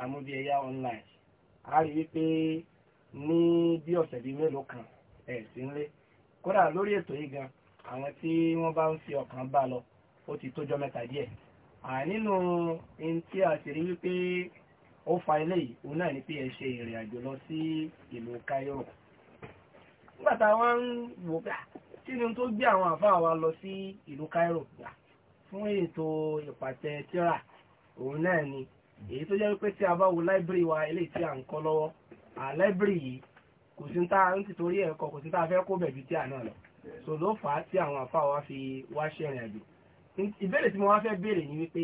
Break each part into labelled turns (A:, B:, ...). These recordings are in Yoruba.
A: amúbíẹyà online a rí wípé ní bí ọ̀sẹ̀ bíi mélòó kan ẹ̀ sí ń lé kódà lórí ètò yìí gan àwọn tí wọ́n bá ń fi ọkàn bá lọ ó ti tójọ́ mẹ́ta díẹ̀ nínú ohun tí a sì rí wípé ó fa eléyìí òun náà ni pé ẹ ṣe ìrìn àjò lọ sí ìlú Cairo nígbà táwọn ń wò pé kí ni tó gbé àwọn àfáà wa lọ sí ìlú Cairo fún ètò ìpàtẹ tíra òun náà ni èyí tó jẹ́ wípé tí a bá wo láìbírì wa eléyìí tí à ń kọ́ lọ́wọ́ àláìbírì yìí kò sí tá ń ti torí ẹ̀kọ́ kò sí tá fẹ́ kó bẹ̀bí tí à náà lọ so ló fà á tí àwọn àfa wa fi wá ṣẹ̀rìn àjò ìbéèrè tí mo wá fẹ́ béèrè ni wípé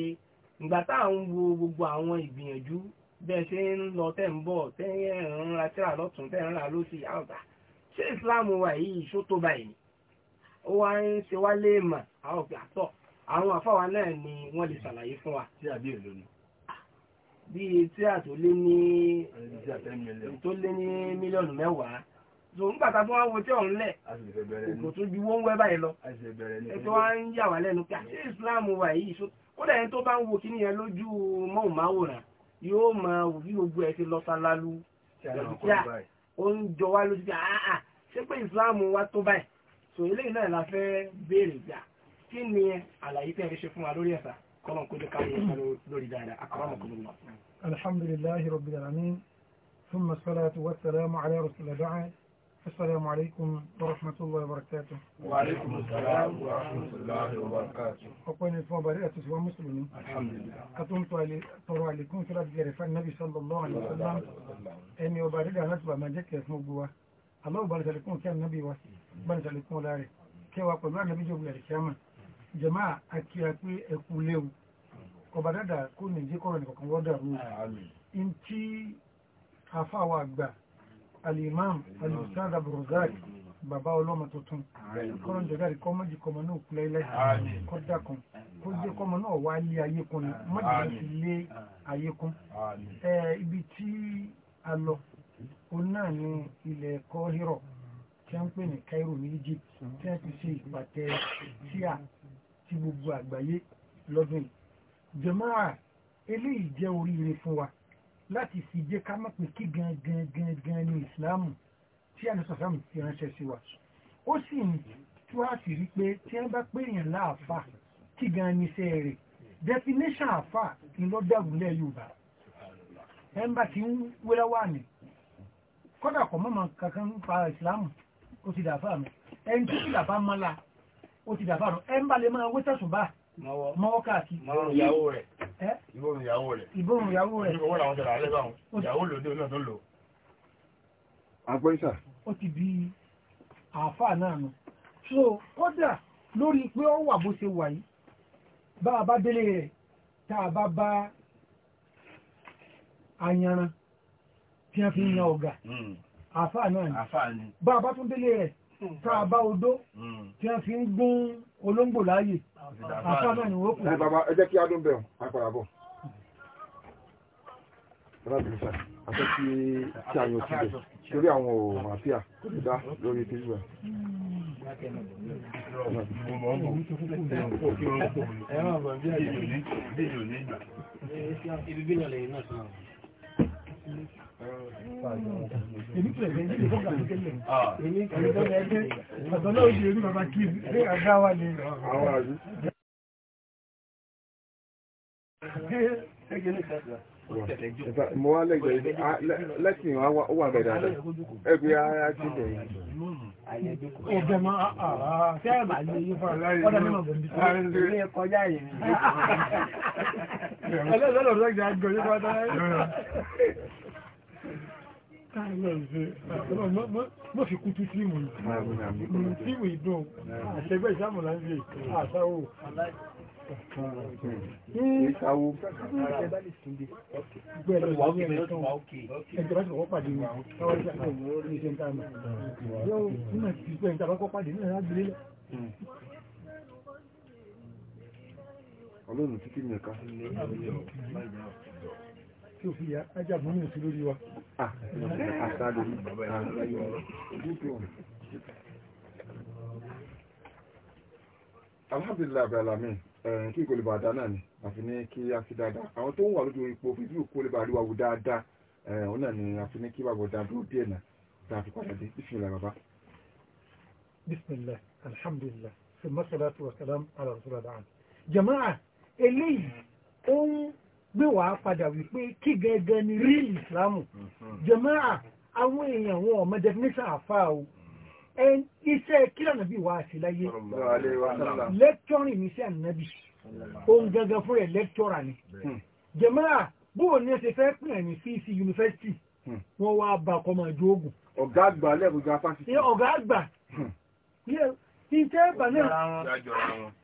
A: ìgbà tá à ń wo gbogbo àwọn ìgbìyànjú bẹ́ẹ̀ ṣe ń lọ tẹ́ ń bọ̀ tẹ́ ń ra tíra lọ́tún tẹ́ ń ra lósì àwọ̀tà ṣé ìsìláàmù wa yìí ṣó tó báyìí ó wá ń ṣe wá léèmà àwọn òkè àtọ̀ àwọn àfa wa náà ni wọ́n lè ṣàlàyé fún wa. tí àbí èlò ni bíi tí a tó lé ní tó lé ní mílíọ̀nù mẹ́wàá so nígbà tá a tó wá wo tí ọ̀hún lẹ̀ kò tó ju wọ́n wẹ́ báyìí lọ ètò wa ń yà wá lẹ́nu pé àti Islam wà yìí so kódà ẹni tó bá ń wo kíní yẹn lójú mọ́ọ̀máwòrán yóò máa wò bí gbogbo ẹ ti lọ sálálu ìyá ó ń jọ wá lójú pé àà ṣé pé Islam wa tó báyìí so eléyìí náà la fẹ́ béèrè gbà kí ni àlàyé tẹ́ ẹ fi ṣe fún wa lórí ẹ̀sà. الحمد
B: لله رب العالمين ثم الصلاة والسلام على رسول الله السلام عليكم ورحمة الله وبركاته وعليكم السلام ورحمة الله
C: وبركاته
B: أقوى نفوة بريئة سوى مسلمين الحمد لله أتمتوا عليكم في الأبد جريفة النبي صلى الله عليه وسلم أني يبارد على ما جاك يسمو بوا الله بارد لكم كان نبي واسي بارد لكم لاري كيف أقول النبي جوب لاري كامل jẹ̀máà àti àpé ẹ̀kú léwu ọba dada kó nìjí kọ́rọ̀ nìkọ̀kan wọ́dà rú in tí àfáwà alimam alimusad abdulrazak bàbá ọlọ́mọ tuntun kọ́rọ̀ jọ̀dáre kọ́ mọ́jì kọ́mọ náà kúlẹ̀ ilẹ̀ kọ́ dákun kó jẹ́ kọ́mọ náà wá lé ayé kun ni mọ́jì náà ti lé ayé kun ibi tí a lọ òun náà ni ilẹ̀ ẹ̀kọ́ hírọ̀ tí wọ́n ń pè ní Cairo ní Egypt tí wọ́n ti ṣe ìpàtẹ tíà ti gbogbo àgbáyé lọ́dún yìí jàmáà eléyìí jẹ́ oríire fún wa láti fi jẹ́ ká mọ̀ pé kí gangan gangan ni ìsìláàmù tí àlùsọ̀sàmù ti ránṣẹ́ sí wa ó sì ń tú àṣírí pé tí wọ́n bá pè yàn láàfà kí gan ni iṣẹ́ rẹ̀ definition àfà ni lọ́dàgúnlẹ̀ Yorùbá ẹ̀ ń bá ti ń wéra wà ní kọ́dà kọ́ mọ́mọ́ kankan pa ìsìláàmù ó ti dàfà mi ẹni tó ti dàfà mọ́la ó ti dàbàrọ̀ ẹ ń bá lè máa wétẹ̀sùn bá mọ́wọ́ káàkiri
C: ìbòrùn ìyàwó rẹ̀ ìbòrùn
B: ìyàwó rẹ̀ ìbòrùn ìyàwó rẹ̀ ìbòrùn ìyàwó rẹ̀ ìbòrùn ìyàwó rẹ̀ ìbòrùn ìyàwó rẹ̀ àpẹ́sà ó ti bí àáfà náà nù so kódà lórí pé ó wà bó ṣe wà yìí bá a bá délé rẹ̀ tá a bá bá ayanran tí wọ́n fi ń yan ọ̀gà hmm. àáfà náà ni bá a bá tún délé rẹ̀ tó a bá odó tí wọ́n fi ń gún olóńgbò láàyè àfáàmà ni wọ́n kù. ẹ bàbá ẹ jẹ́ kí adùn bẹ̀rù àpàrà bọ̀.
D: bàbá àti kí kí àyàn ti bẹ̀ torí àwọn òòrùn àfíà kò lórí tv.
A: Ibi bí yàn lè náà sọ̀rọ̀ èmi pẹ̀lú ẹgbẹ́ ìdílé tó ní tẹ́lẹ̀
C: èmi pẹ̀lú ẹgbẹ́ ọ̀tọ̀ náà ó ṣe orí bàbá ní àgbà wà ní
E: mo wá ah, lẹ́sìn wà bẹ̀rẹ̀ àdá ẹgbẹ́ ara ti bẹ̀rẹ̀
B: ọ̀bẹ̀ ma àà tẹ́ ní yí fún aláìrí ọ̀dọ̀ mẹ́mọ̀ bẹ̀rẹ̀ ààrẹ ilé mọ́ fi kú tú
F: tíìmù yìí tíìmù
C: ìdùn àṣẹgbẹ́ ìsámù là ń lè àṣáwò
F: ìsáwò
C: gbẹ̀rẹ̀
A: ìwọ̀n ẹ̀tọ́ ẹjọba ti kọ́kọ́ pàdé wọn káwọn ìṣẹ́ àkọ́kọ́
B: ní ṣe ń tààmà yóò túnmọ̀ sí pé ìjọba kọ́kọ́ pàdé ní ẹ̀rọ agbèlé
D: ọlọ́run títí ní ẹ̀ka sílẹ̀ tí ó fi yá ajábùn ní ìsú lórí wa. Ah, alhamdulilayi abdulhamid kí ìkọlù bàdá náà ni àfi ní kí a fi dáadáa àwọn tó ń wà lójú ipò fídíò kó lè bá rí wàwù dáadáa òun náà ni àfi ní kí bàbá dáadó díẹ̀ náà tá fi padà dé bismillah bàbá.
B: bismillah alhamdulillah sèmọ́sálàtú wa sàlám ala rasulillah jama'a eléyìí ó ń gbé wàá padà wípé kí gẹ́gẹ́ ni real islam
F: mhm.
B: jàmáà àwọn èèyàn wọn ọmọ definition àfà o iṣẹ́ kílànà bí wàá sí láyé lecturing ní sí ànábì ohun gangan fún rẹ̀ lecturer ni hmm. jàmáà bóò ní ẹsẹ̀ fẹ́ pìyàn ní fíìsì yunifásitì hmm. wọ́n wá bá kọmọ̀ ìjọ ogun ọ̀gá àgbà lẹ́gbẹ̀gbà fásitì ọ̀gá àgbà hmm. ní tẹ́ẹ̀bà náà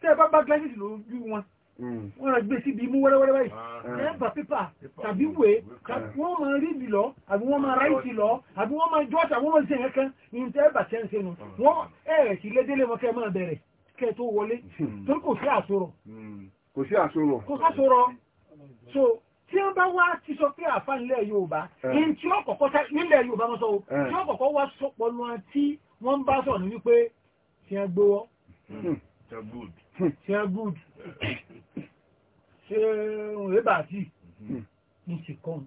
B: tẹ́ẹ̀bà bá gílásìsì lójú wọn Mm. wọ́n rẹ̀ gbé síbi mú wẹ́rẹ́wẹ́rẹ́ báyìí ah. ẹ̀bà pépà tàbí wé ah. wọ́n máa rí ìbì lọ àbí wọ́n máa ráìtì lọ àbí wọ́n máa jọ́ta wọ́n máa ń sẹ́yìn kan ní tẹ́ tẹ́ ń sẹ́nu ah. wọ́n ẹ̀rẹ̀ sí lédélé wọn máa bẹ̀rẹ̀ kẹ́ tó wọlé hmm. torí kò sí àsorọ̀ hmm. kò sí àsorọ̀ kò sàsorọ̀ so tí wọ́n bá wá ti sọ pé àfa nílẹ̀ Yorùbá eh. ní eh. tí wọ́n kọ́kọ́
D: nílẹ̀
B: ṣe rẹ́bà sí ní ti mhm. kọ́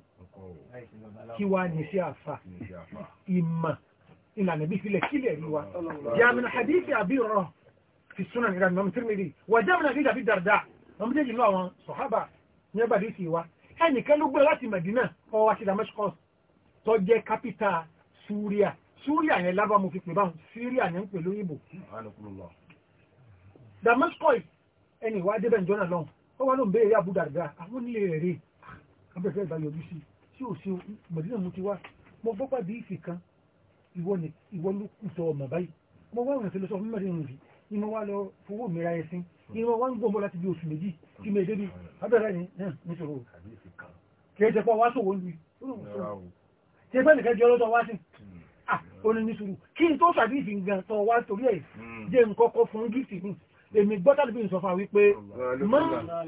C: kí wá ní sí
B: àfà ìmà ìlànà bí sílẹ̀ kílẹ̀ rí wa jàmìnà hadithi àbí rọ̀ fi súnà nígbà mọ́mí tírímìrì wà jàmìnà bí dàbí dàrdà wọ́n méjèèjì lọ àwọn sọ̀hábà ní ẹgbà dé sí wa ẹnìkan ló gbé láti Madina ọwọ́ àti Damascus tó jẹ́ kápítà Súríà Súríà yẹn lábá mo fi pè báwọn Síríà yẹn ń pè lóyìnbó Damascus ẹnì wá débẹ̀ ìjọ náà lọ́hùn ó wá ló ń béèrè Abu Darda àwọn onílé rẹ̀ rè abẹ́fẹ́ ìgbà yọjú sí tí ò sí mọ̀dínà mú ti wá mo gbọ́ pàdé ìfì kan ìwọ ni ìwọ ló kù sọ ọmọ báyìí mo wá ọ̀nà tẹlẹsọ fún mẹ́rin rìn ni mo wá lọ fowó mi ra ẹsìn ni mo wá ń gbọ́ mọ́ láti bí oṣù méjì tí mo débi abẹ́rẹ́ ni níṣòro kì í ṣe pọ̀ wá sòwò lu ṣe pẹ́ nìkan jẹ́ ọlọ́dọ̀ wá sí hmm. ah ó ní níṣòro kí n tó sàbí ìfì gan tó wá torí ẹ̀ hmm. jẹ́ nǹkan kan fún gíìsì èmi gbọ́dọ̀ bí n sọ fún wa wípé mọ́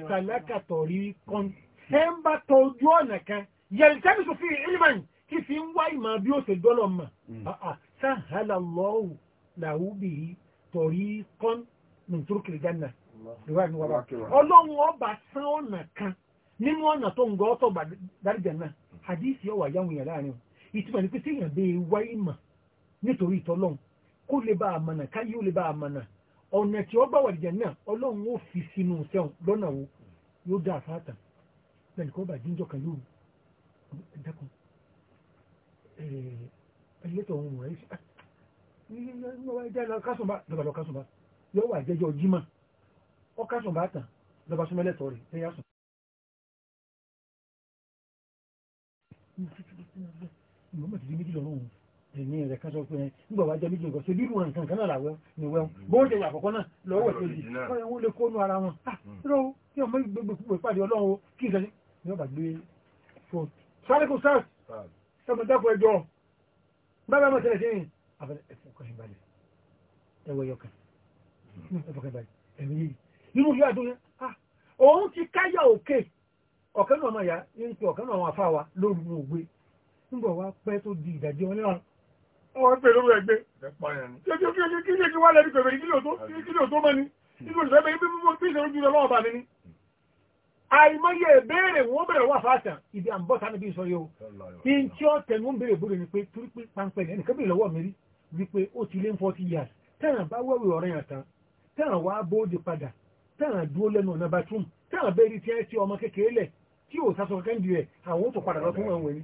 B: sàlákàtọ̀ rí kan ẹ ń bá tọ ojú ọ̀nà kan yẹn tẹ́bi tó fi ìlímọ̀ yìí kí fi ń wá ìmọ̀ bí ó ṣe dọ́lọ̀ mọ̀ sáhàlà lọ́wọ́ làwùbí tọ̀rí kan nìtúrúkìlì jẹ́nà ọlọ́run ọba sán ọ̀nà kan nínú ọ̀nà tó ń gọ́ ọ́tọ̀ dáríjà náà àdíìsì ọwà yáwọn èèyàn láàrin ìtumọ̀ ní pé tí èèyàn bẹ́ẹ̀ wá ìmọ̀ nítorí ìtọ́lọ́run kó lè bá àmọ̀nà káyé ó lè bá àmọ̀nà ọ̀nà tí ó gbà wà lìjẹ̀ náà ọlọ́run ó fi sínú sẹ́wọ̀n lọ́nà wo yóò dá àfáàtà bẹ́ẹ̀ kọ́ bá jíjọ́ kan lóru ẹ̀dẹ́kun ẹ̀ẹ́dẹ́tọ̀ ohun rẹ̀
E: lọ́ba kásùnbà yóò wà jẹ́jọ́ jímọ̀ ọ kásùnbà tàn lọ́ba súnmọ́lẹ́tọ̀ rẹ̀ ẹ̀yà sùn. ìmọ̀mọ̀ ti di méjìlá ọ̀rọ̀ òun ìní rẹ̀ kan sọ pé nígbà wá jẹ́ méjì
B: nǹkan ṣe bírù nǹkan kan náà làwẹ́ ni wẹ́n bó ṣe wà kọ̀ọ̀kan náà lọ́wọ́ tó di wọ́n yẹn wọ́n lè kónú ara wọn ah, hmm. rọ kí ọmọ gbogbo púpọ̀ ìpàdé ọlọ́run kí n sẹ́ni ni wọ́n gbé fún sáréko sars ẹmọ dákọ̀ ẹjọ́ bábá mọ̀ tẹ́lẹ̀ sẹ́yìn àfẹ́lẹ́ ẹ̀fọ́kànbalẹ̀ ẹ̀wọ̀ yọkàn wọ́n pè lórí
E: ẹgbẹ́
B: kí ní kí wá lẹ́nu pẹ̀lú kílò tó mọ́ ni nínú ìfẹ́bẹ̀ ibi mímọ́ tí ìṣẹ́rú jùlọ lọ́wọ́ bá mi ní àìmọye ìbéèrè wọ́n bẹ̀rẹ̀ wà fàáṣà ìdí àmbọ́ta níbi ìsọ yóò tí ń tí ó tẹnu ń béèrè bóre ni pé torí pé pàǹpẹ̀ ẹnì kébì lọ́wọ́ mi rí wípé ó ti lé 40 years tẹ́ràn bá wẹ̀wẹ̀ ọ̀rẹ́ yàn tán tẹ́ràn wá bóde padà tẹ́ràn dúró lẹ́nu ọ̀nà bá tún tẹ́ràn bẹ́ẹ̀rí tí ẹ ti ọmọ kékeré lẹ̀ tí ò sásọ kẹ́kẹ́ ń di rẹ̀ àwọn ó tó padà lọ fún ẹ̀wọ̀n ni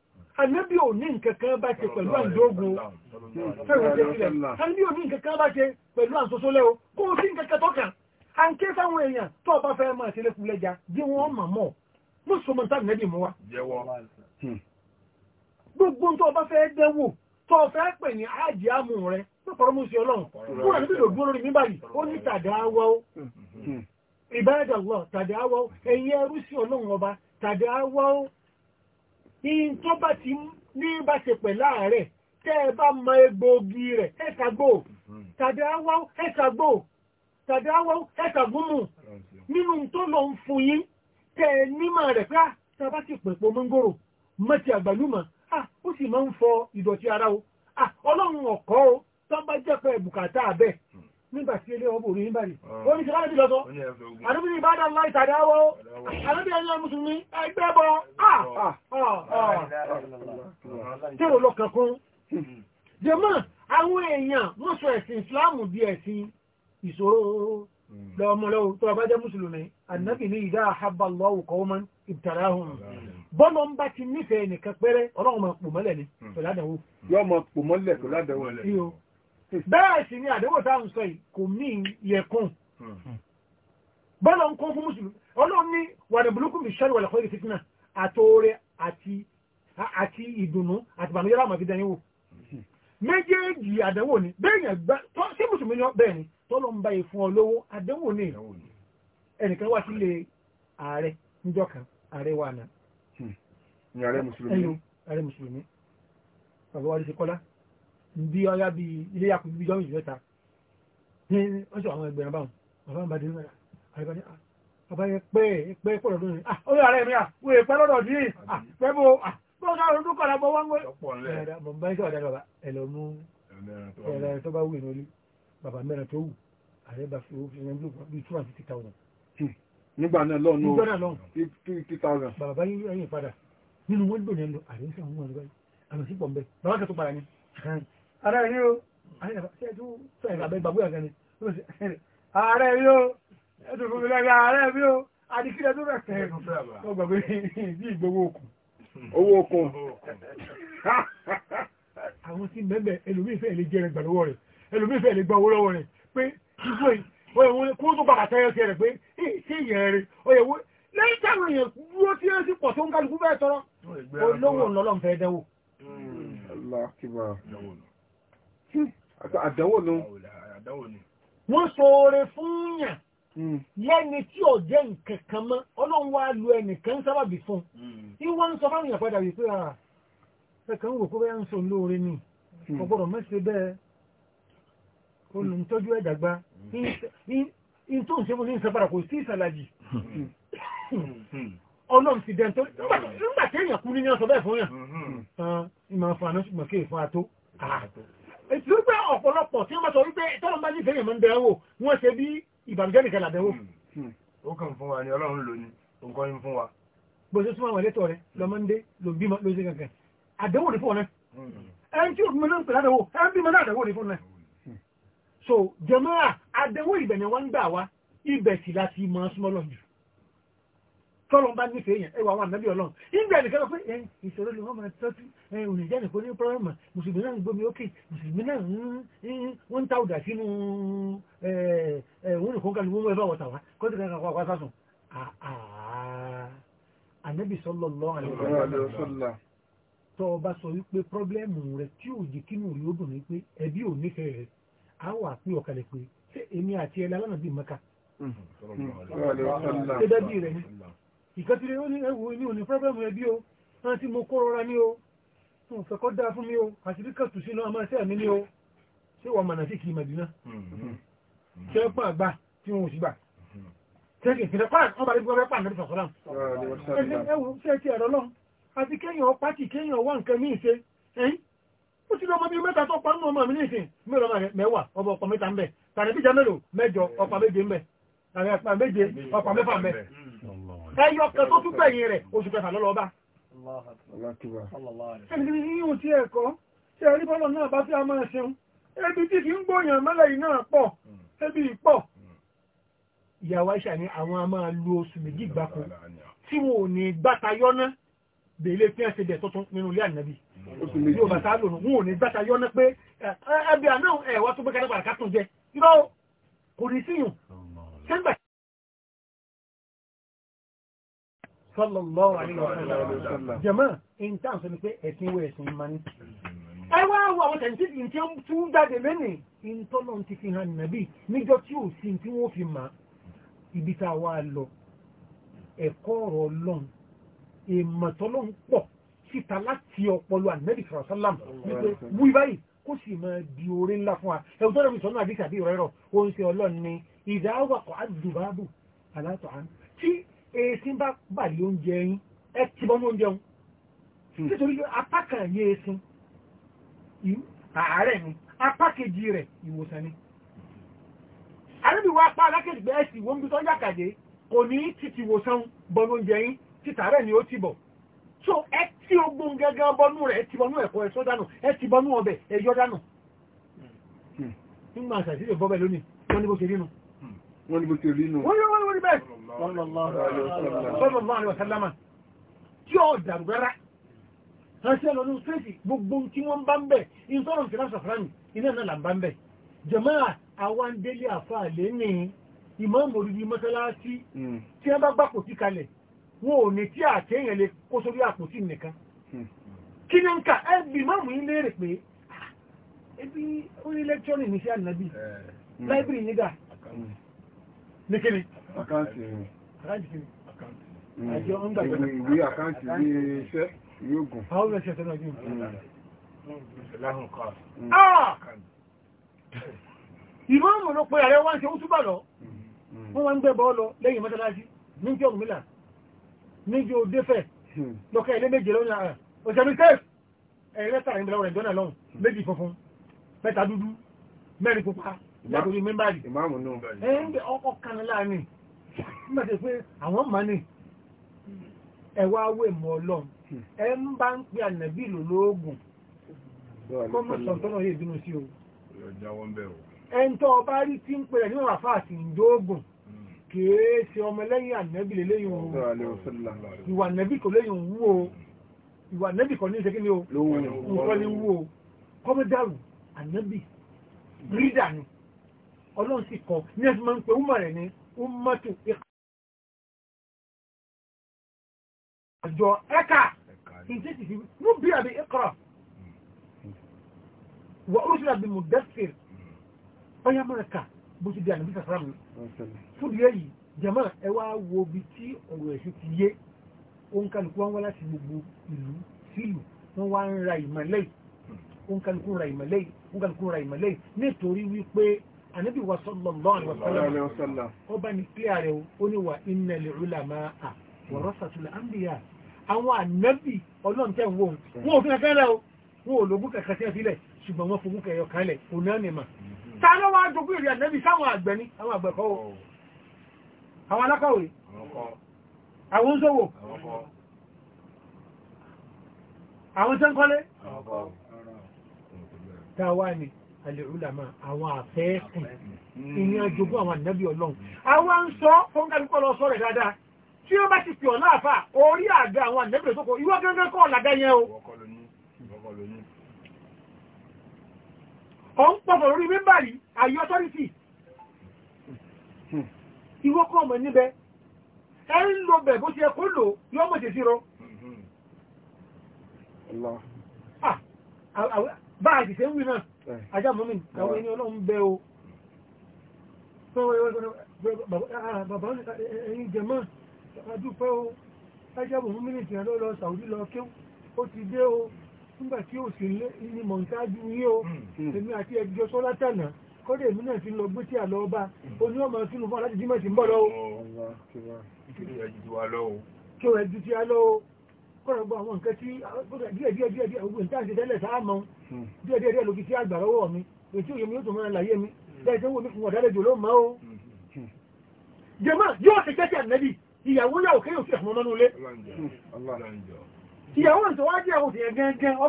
B: Ànábì ò ní nǹkankan bá ṣe pẹ̀lú àǹdógún Ànábì ò ní nǹkankan bá ṣe pẹ̀lú àǹsọ́sọ́lẹ́ o kó o sí nǹkankan tọ́ka à ń ké sáwọn èèyàn tó bá fẹ́ máa ṣe lékun lẹ́ja bí wọ́n mà mọ́ mú sọmọ tá nẹ́bì mú wa. Hmm. gbogbo tó bá fẹ́ dẹ́wò tó fẹ́ pè ní ájì ámù rẹ pẹ́pọ̀rọ̀ mú sí ọlọ́run fún àníbì ló dúró lórí mi báyìí ó ní tàdáwá ó
F: hmm. hmm.
B: ìbáradà lọ tàdáwá ó ẹ̀yin ẹrú sí ọlọ́run ọba tàdáwá ó in tó bá ti ní bá ṣe pẹ̀ láàárẹ̀ tẹ́ ẹ bá mọ egbòogi rẹ̀ ẹ̀sàgbò tàbí awọ́ ẹ̀sàgbò tàbí awọ́ ẹ̀sàgbòmù nínú tó lọ ń fún yín tẹ́ ẹ nímọ̀ rẹ̀ pé ah, tá bá ti pẹ̀pọ̀ mọ́ngòrò mọ́tì àgbàlùmọ̀ ah, ó sì máa ń fọ ìdọ̀tí ara o ah, ọlọ́run ọ̀kọ́ o tó bá jẹ́ pẹ́ bùkátà bẹ́ẹ̀ nígbà tí ilé ọbò rí nígbàrí ó ní ṣíkánàbí lọ́tọ́ àdúgbì ní ìbádà ńlá ìtàdáwọ́ àdúgbì ẹni mùsùlùmí ẹgbẹ́ bọ́ tẹ́rọ ah, ah, ah, lọ́kẹ̀kún jẹmọ́ àwọn èèyàn wọ́n sọ ẹ̀sìn islamu bí ẹ̀sìn ìṣòro hmm. lọ́mọlọ́wọ́ tó bá jẹ́ mùsùlùmí annabi ní ìdá àhábà lọ́wọ́ qawman ibtarahum hmm. bọ́lọ̀ ń bá ti nífẹ̀ẹ́ nìkan pẹ́rẹ́ ọlọ́run máa pò mọ́lẹ̀ ni hmm. pẹ̀lú àdánwò yọ́ máa pò mọ́lẹ̀ pẹ̀lú àdánwò bẹ́ẹ̀ sì ni àdéhùn táwọn sọ yìí kò mí yẹkùn bọ́lá ń kún fún mùsùlùmí ọlọ́run ní wàdàbùlùkùn bí sọ́rọ̀ wàlẹ̀kọ́ ìrìsì náà àtòrè àti ìdùnnú àti bàmí yọ́rọ̀ àmàfi dẹni wò méjèèjì àdánwò ni bẹ́ẹ̀yàn gbá tí mùsùlùmí ní bẹ́ẹ̀ ni tọ́lọ́ ń bá ìfún olówó àdánwò ni ẹnìkan wá sílé ààrẹ níjọ́ kan ààrẹ
D: wà
B: bí ọyá bí ilé yàkù bí jọ́mì ìjọta ní wọ́n sọ àwọn ẹgbẹ̀rún báwọn bàbá bá dínú rẹ̀ àríkà ní bàbá yẹ pé pé pọ̀ lọ́dún ní ah, ó yà rẹ̀ mi à ah, wọ́n èpẹ́ lọ́dọ̀ dí ah, pẹ́ bó bọ́n ká ọdún kọ̀ lábọ́ wọ́n gbé
D: nígbà náà lọ́nà
B: 50,000 bàbá yẹ̀yìn padà nínú wọ́n lò ní ẹlò àrísẹ̀ àwọn ọmọ ọ̀rọ̀ báyìí àmì sí pọ̀ mbẹ́ bàbá kẹtù padà ní ààrẹ rí o ààrẹ rí o ẹ̀dùn fún mi lẹ́gbẹ̀ẹ́ ààrẹ rí o àdìkílẹ̀ tó rẹ̀ ó gbàgbé bí ìgbowó okùn
G: owó okùn
B: àwọn tí mẹ́mẹ́ ẹlòmíì fẹ́ lè jẹ́ rẹ̀ gbà lọ́wọ́ rẹ̀ ẹlòmíì fẹ́ lè gba owó lọ́wọ́ rẹ̀ pé ìgbó yìí kó tó bàbà tẹ́yọ sí rẹ̀ pé ṣé ìyẹn rẹ̀ ọyẹ̀wó lẹ́yìn táwọn èèyàn dúró tí ó sì pọ̀ tó ń kálukú bẹ́ẹ̀ tọrọ olówó
D: ńlọ́lọ́
B: àdánwò nù. wọ́n sọ oore fún yàn hmm. lẹ́ni tí ò jẹ́ nǹkan kan mọ́ ọlọ́run wá lu ẹnìkan sábàbí fún un hmm. wọ́n ń sọ fáwọn èèyàn padà wípé ah, ẹ̀kan wò kó bẹ́ẹ̀ ń sọ lóore ni ọgbọ́dọ̀ hmm. mẹ́sẹ̀ bẹ́ẹ̀ olùtọ́jú ẹ̀dàgbà in tó ń ṣe mú ní ìsẹ́pàdà kò sí ìsàlàjì ọlọ́run ti dẹ́ntọ́ nígbàtí èèyàn kú ní ní ọ̀sọ̀ bẹ́ẹ̀ fún yàn ah, ìmọ̀ àfààná ṣùgbọ́n kí èèfà tó ah ètò wípé ọ̀pọ̀lọpọ̀ tí wọ́n sọ wípé tọ́lọ́ bá ní ìfẹ́yìn mọ́ ń bẹ̀rẹ̀ wò wọ́n ṣe bí ìbànújẹ́ nìkan làbẹ̀wò. Hmm. Hmm.
C: ó kàn fún wa ni ọlọ́run lò ní nǹkan ní fún wa.
B: bó ṣe súnmọ́ àwọn ẹlẹ́tọ̀ rẹ lọ́mọdé ló bímọ ló ṣe kankan àdánwò ní fún ọ náà hmm. ẹni tí òbí náà ń pè ládàwò ẹni so jọmọ́ra àdánwò ìbẹ̀ ni wọ́n ń gbà wá ibẹ̀ sì tọ́lọ́n bá nífẹ̀ẹ́ yẹn ẹwà àwọn ànábì ọlọ́run ìgbà nìkan lọ pé ẹ ìṣòro lè wọ́n máa tọ́jú ẹ ònìjà nìkan ní pọ́nmà mùsùlùmí náà ń gbómi ókè mùsùlùmí náà ń ta ọ̀dà sínú òun nìkan kan ní wọ́n bá wọ̀tà wá kọ́tù kan kan wá sásùn. ànábì sọlọ lọ tọ́ ọ bá sọ wípé pọ́blẹ́mù rẹ tí ò jẹ́ kínú rí ó dùn ní pé ẹbí ò nífẹ̀ẹ́ rẹ á wà pé ọ̀kàlẹ̀ ìkẹtìrẹ ó ní ẹwù ní òní pẹ́bẹ̀mù ẹbí o wọ́n tí mo kó rọra ní o wọ́n fẹ́kọ́ dá fún mi o àṣírí kẹtù sínú àmà iṣẹ́ mi ní o ṣé wọ́n mọ̀nà sí kìí mẹ̀dínà ṣe é pọ̀ àgbà tí wọ́n ò sí gbà ṣẹ́kì ìpínlẹ̀ pàà wọ́n bá rí gbọ́dọ̀ pàà nípa sọ́lá ẹwù ṣe ti ẹ̀rọ lọ́n àti kéèyàn pàtì kéèyàn wá nǹkan míì ṣe ẹ̀yìn ó ti lọ́mọ bí mẹ́ta tó pa nínú ọmọ mi ní ìsìn mẹ́rọ mẹ́wàá ọba ọ̀pọ̀ mẹ́ta ń bẹ̀ tàbí bíjà mélòó mẹ́jọ ọ̀pọ̀ méje ń bẹ̀ tàbí ọ̀pọ̀ méje ọ̀pọ̀ mẹ́fà
E: ń ẹyọ kan tó tún gbẹ̀yìn
B: rẹ̀ oṣù kẹfà lọ́lọ́ba. ẹni yíò tí ẹ̀kọ́ tí ẹ̀rí bọ́lọ̀ náà bá tí a máa ṣeun ebi tí fi ń gbóyàn mẹ́lẹ̀ yìí náà pọ̀ hmm. ebi pọ̀. ìyàwó aṣà ni àwọn a máa lo oṣù méjì gbáko tí wọn ò ní gbàtayọ́ ná bèèlè fi ẹsẹ̀ bẹ̀ tuntun nínú ilé ànábì yóò bá sáà lòun wọn ò ní
E: gbàtayọ́ ná pé ẹbí àná ẹ̀wá tó gbé kẹ́lẹ́ pàdé ká tún jẹ irọ́ kò ní síyùn sẹ́gbẹ̀ sallallahu alaihi wasallam jama in ta sọ pé ẹ̀sìn wo ẹ̀sìn mani ẹ wá
B: wọ àwọn tẹ̀sí tí tí ó tún jáde lẹ́nì in tọ́lọ̀ ti fi hàn nàbí níjọ tí ò sí tí wọ́n fi mà ibi tá a wá lọ ẹ̀kọ́ ọ̀rọ̀ lọ́n èèmọ̀ tọ́lọ̀ ń pọ̀ síta láti ọpọlọ ànẹ́bì sàrọ̀sálàm wípé wú ibáyìí kó sì máa di oore ńlá fún wa ẹ̀wù tọ́lọ̀ mi sọ́nà àdìsí àbí ìrọ̀rọ̀ ó ń ṣe ọlọ́run ni tí èsìn bá bàlí oúnjẹ yín ẹ ti bọ́nú oúnjẹ òun hmm. nítorí apá kan ní èsìn ààrẹ ni apá kejì rẹ̀ ìwòsàn ni àríbíwá apá alákejìgbẹ́ ẹ̀sìn wọ́n bí tó yàkàdé kò ní títí ìwòsàn bọ́nú oúnjẹ yín títà rẹ̀ ni ó ti bọ̀ so ẹ tí ó gbóhun gẹ́gẹ́ bọ́nú rẹ̀ ẹ ti bọ́nú ẹ̀kọ́ ẹ̀sọ́ dànù ẹ ti bọ́nú ọbẹ̀ ẹ̀yọ́ dànù hmm. nígbà àṣàṣì wọ́n
D: ní bó ti rí nù wọ́n ní
B: wọ́n ní bẹ́ẹ̀ sallallahu alaihi wasallam tí ó dàrú rárá ránṣẹ́ lọ ní sẹ́ẹ̀tì gbogbo tí wọ́n bá ń bẹ̀ ìtọ́nà tí láṣọ fúnra mi iná náà là ń bá ń bẹ̀ jàmáà àwọn délé àfáà lé ní ìmáàmù orí mọ́sálásí hmm. tí wọ́n bá gbàpò sí kalẹ̀ wọn ò ní tí àtẹ́yìn lè kó sórí àpótí nìkan hmm. kí ni ń kà ẹ́ bí ìmáàmù yín léèrè pé ah, ebi orí lẹ́kṣọ́nì ní sí ànábì eh. láìbírì nígbà ní kí ni
D: àkáǹtì
C: àjọ hmm. ń gbàgbà ìwé
D: àkáǹtì ní
B: iṣẹ́ ìwé ògùn àwọn ọmọ ẹ̀ṣẹ̀ tẹ́lẹ̀ yóò
C: láhùn kọ́ hmm.
B: ah! ìmọ̀ọ́mù ló pe ààrẹ wá ń ṣe ó túbà lọ
E: hmm. wọ́n
B: wá ń gbẹ́ bọ́ lọ lẹ́yìn mọ́tàlájí níjọ́ òmìnà níjọ́ òdefẹ́ lọ́kẹ́ ilé méje lọ́nà àrà eh, òṣèlú tẹ́f ẹ̀rẹ́ta ìbẹ̀rẹ̀ ìjọ́nà lọ́hùn méjì funfun mẹ́ta dúdú mẹ́rin pupa ìdákójú mẹ́bàrí ìmáàmù náà ẹ̀ẹ́gbẹ̀ ọkọ̀ kanilá ní mẹ́tẹ̀ pé àwọn ma ní ẹwà awé mọ́ ọlọ́m ẹ ń bá ń pè ànàbí ìlò lóògùn
C: kọ́mọ̀ sọ̀tọ́nà
B: yìí bínú sí o ẹn tó ọba rí tí ń pè rẹ̀ nínú àfáà sí ìjóògùn kìí ṣe ọmọ lẹ́yìn ànàbí lẹ́yìn òun ìwà ànàbí kò lẹ́yìn òun wò ìwà ànàbí kò ní ṣe kí ni o nǹkan ni wò
E: kọ́mọ̀dárù ànàbí rídà ni ọlọ́run sì kọ ní ẹ̀sùn máa ń pe umar rẹ̀ ní umatu àjọ ẹ̀ka ìtẹ́tì sí mú bí àbí ìkọ̀rọ̀
B: wà oríṣiríṣi àbí muddaththir ọyá máa kà bó ti di ànàbí sàfàrà mi fúdi èyí jama ẹ wá wo bí tí ọ̀rọ̀ ẹ̀sìn ti yé òǹkàlùkù wọn wá láti gbogbo ìlú sílùú wọn wá ń ra ìmọ̀lẹ́yìí òǹkàlùkù hmm. ra ìmọ̀lẹ́yìí òǹkàlùkù ra ìmọ̀lẹ́yìí nítorí wípé ànábì wa sallallahu alaihi wasallam ọba ní píà rẹ̀ ó ní wà innal ulama'a warasatul anbiya àwọn ànábì ọlọ́run tẹ́ ń wò wọn ò fi kankan rẹ̀ o wọn ò lògùn kankan sí ẹ̀fílẹ̀ ṣùgbọ́n wọn fogún kẹyọ kalẹ̀ òun náà nìmọ̀ ta àwọn àgbẹ̀ àwọn alákọ̀wé àwọn oúnjẹ́wò àwọn ni alìrúlàmà àwọn àfẹ́ẹ̀sìn hmm. ìyẹn àjogún àwọn ànábì ọlọ́run àwọn ń sọ fún kálukọ́ lọ sọ́rọ̀ dáadáa tí ó bá ti pè ọ̀nà àfà orí àga àwọn ànábì rẹ̀ sókò ìwọ́ gángan kọ́ ọ̀làdá yẹn o ọ ń pọ̀pọ̀ lórí mẹ́bàrí ayé ọtọ́rìtì hmm. ìwọ́ kọ́ ọmọ níbẹ̀ ẹ ń lo bẹ̀ bó ti ẹ kó lò yọ́ mọ̀ tètè rọ
F: hmm.
B: ah, báàdì tẹ́ ń wí náà ajá mọ́mí àwọn ẹni ọlọ́run bẹ́ o bàbá ah, ẹ̀yìn jẹmọ́ adúpẹ́ o ajá mọ́mí nìtì àlọ́ lọ sàúdí lọ kí ó ti dé o nígbà tí ó sì ní mọ̀ntájú yí o hmm, hmm. èmi àti ẹgbẹ́ sọ́lá tànà kọ́dẹ̀ èmi náà ti lọ gbé tí àlọ́ ọba hmm. oní ọmọ sínú fún aláti dímọ̀ sí ń bọ̀
C: lọ́wọ́
B: kí ó ẹjú kọ́rọ̀ gbọ́ àwọn nǹkan tí díẹ̀ díẹ̀ díẹ̀ díẹ̀ ogun ìtàn ti tẹ́lẹ̀ sáà mọ́ hmm. díẹ̀ díẹ̀ díẹ̀ lókì tí àgbà lọ́wọ́ mi ètí òye mi yóò tó mọ́ra láyé mi lẹ́yìn tó wù mí fún ọ̀dálẹ̀ jò ló mọ́ o. Hmm. jẹ́mọ́ yóò ti jẹ́ sí ànábì ìyàwó náà òkè yóò fi ẹ̀fọn mọ́nú ilé. ìyàwó ìtọ́ wá jẹ́ àwọn òfin gẹ́gẹ́ hmm.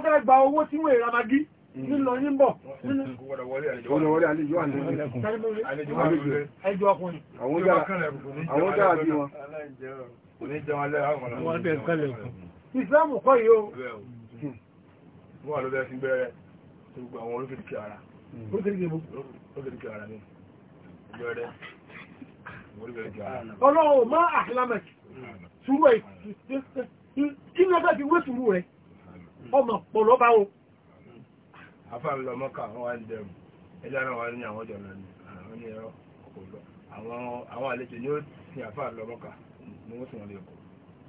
C: àwọn dára bí ìsìláàmù kọ́ yìí o wọ́n àlọ́ bẹ́ẹ̀ sí bẹ́ẹ̀rẹ̀ tó gbogbo àwọn olókèdèkè ara olókèdèkè ara ní bẹ́ẹ̀rẹ̀
B: ọlọ́run má àhìlámẹ̀kì sùúrù ẹ̀ kí ni ọjọ́ ti wé sùúrù rẹ̀ ọmọ pọ̀lọ́ bá o.
C: afáàmì lọ mọ́kà àwọn wá ń dẹrù ẹjọ́ náà wá ní àwọn ọjọ́ náà ní àwọn ní ẹ̀rọ ọ̀pọ̀ lọ àwọn àlejò ni ó sin àfáàmì lọ mọ́kà ni wọ́n sì wọ́n lè kọ́.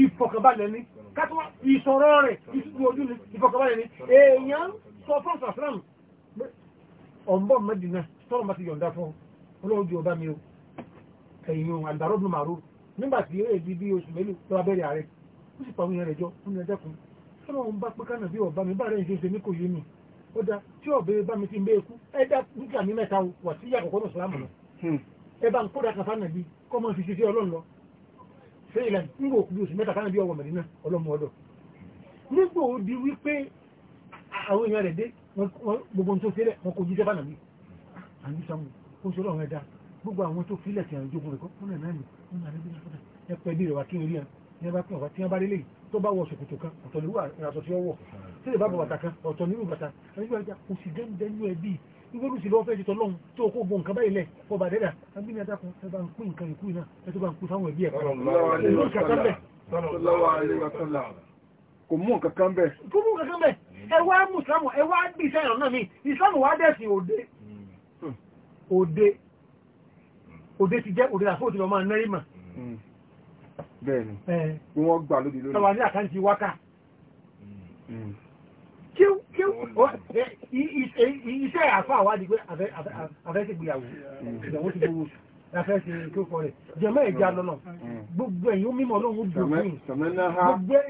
B: ìfọ̀kànbalẹ̀ ni kátọ́wà ìṣọ̀rọ̀ rẹ̀ ìṣùkú ojú ni ìfọ̀kànbalẹ̀ ni èèyàn sọ fún ṣàfihàn ọ̀nbọ̀ mẹ́dínà tọ́rọ bá ti yọ̀ǹda fún olóòjú ọba mi o ẹ̀yìn àdàrọ́dún màrú nígbàtí eré ibi bí oṣù mélòó tó abẹ́rẹ́ ààrẹ ó sì pàwọn èèyàn rẹ̀ jọ nínú ẹjọ́ kan tọ́rọ ń bá pé kánà bí ọba mi bá rẹ̀ ìṣe ní kò yé mi ó da tí ọ̀bẹ bá mi ti ń bẹ́ ikú ẹ dá dúkìá mi mẹ́ta wà sí ìyá àkọ́kọ́ náà sọ́lámù lọ hmm. ẹ bá ń kó dàkà fánà bí kọ́mọ fi ṣe sí ọlọ́run fẹ́ ilẹ̀ nígbà òkú bí oṣù mẹ́ta káàbí ọwọ́ mẹ́rin ọlọ́mọ ọdọ̀ nígbà ó di wípé àwọn èèyàn rẹ̀ dé gbogbo tó fẹ́rẹ̀ wọn kò jíjẹ́ bánàbí àbí sàmù ó ṣe ọlọ́run ẹ̀dá gbogbo àwọn tó fílẹ̀ tí a ń jogun rẹ̀ kọ́ fún ẹ̀nà ẹ̀mí wọn àrẹ́bí lọ́sọ́dà ẹ̀pẹ́ bí rẹ̀ wà kí n rí ẹ̀ ní ẹbá pín ọ̀fà ní gbogbo sí lọ́fẹ́ ìjọ tọ́lọ́hun tó kó gbọ́n nǹkan báyìí ọba dẹ́dà agbínú ẹ̀dàkùn ẹba ń pín nǹkan ìkú iná ẹtọ́ bá ń pín fáwọn ẹbí ẹ̀kọ́ kò mú nǹkan kan bẹ̀ kò mú nǹkan kan iṣẹ́ àfa àwádìí pé afẹ́sẹ̀ gbìyàwó ìyàwó ti gbowó afẹ́sẹ̀ tó kọ rẹ̀ jẹ̀mọ́ ẹ̀já lọ́nà gbogbo ẹ̀yìn ó mímọ́ lóhun gbòmìn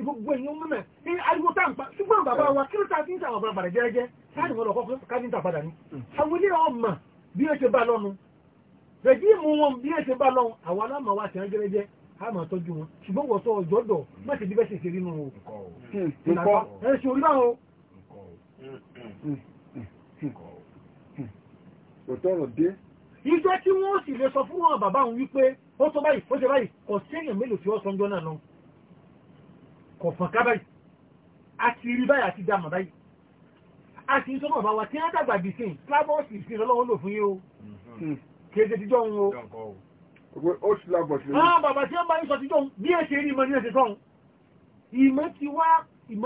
B: gbogbo ẹ̀yìn ó mímọ́ ní ariwo tá n pa ṣùgbọ́n bàbá wa kí ló ta fi ń sàwọn ọ̀pọ̀lọpọ̀ rẹ̀ jẹ́rẹ́jẹ́ káàdì wọn lọ́kọ́ káàdì ń tà padà ní àwọn ilé ọmọ bí ó ṣe bá lọ́nu rẹ̀jí mú wọn bí ó ṣe bá lọ́nu àwọn aláàmà wa ti hàn jẹ́rẹ́jẹ́ àmà tọ́jú wọn ṣùgbọ́n wọ́n sọ ọjọ́dọ̀ má ṣe bí bẹ́ẹ̀ ṣe ṣe rí nù òtọ́rọ̀ dé. ìjọ tí wọ́n sì lè sọ fún wọn bàbá òun wípé ó tó báyìí ó ṣe báyìí kò séèyàn mélòó tí ó sọ́njọ́ náà lọ kò fọ̀n ká báyìí àti rí báyìí àti dàmọ̀ báyìí àti ìṣọ́nà ọ̀bá wa tí wọ́n dàgbà bì sí klábọ́ọ̀sì sí lọ́wọ́ lò fún yín o mm-hmm. kéde tíjọ́ ń o. ó ti lábọ̀ sí i. àwọn bàbá tí wọ́n bá ń sọ tíjọ́ bí ẹ ṣe rí ìmọ̀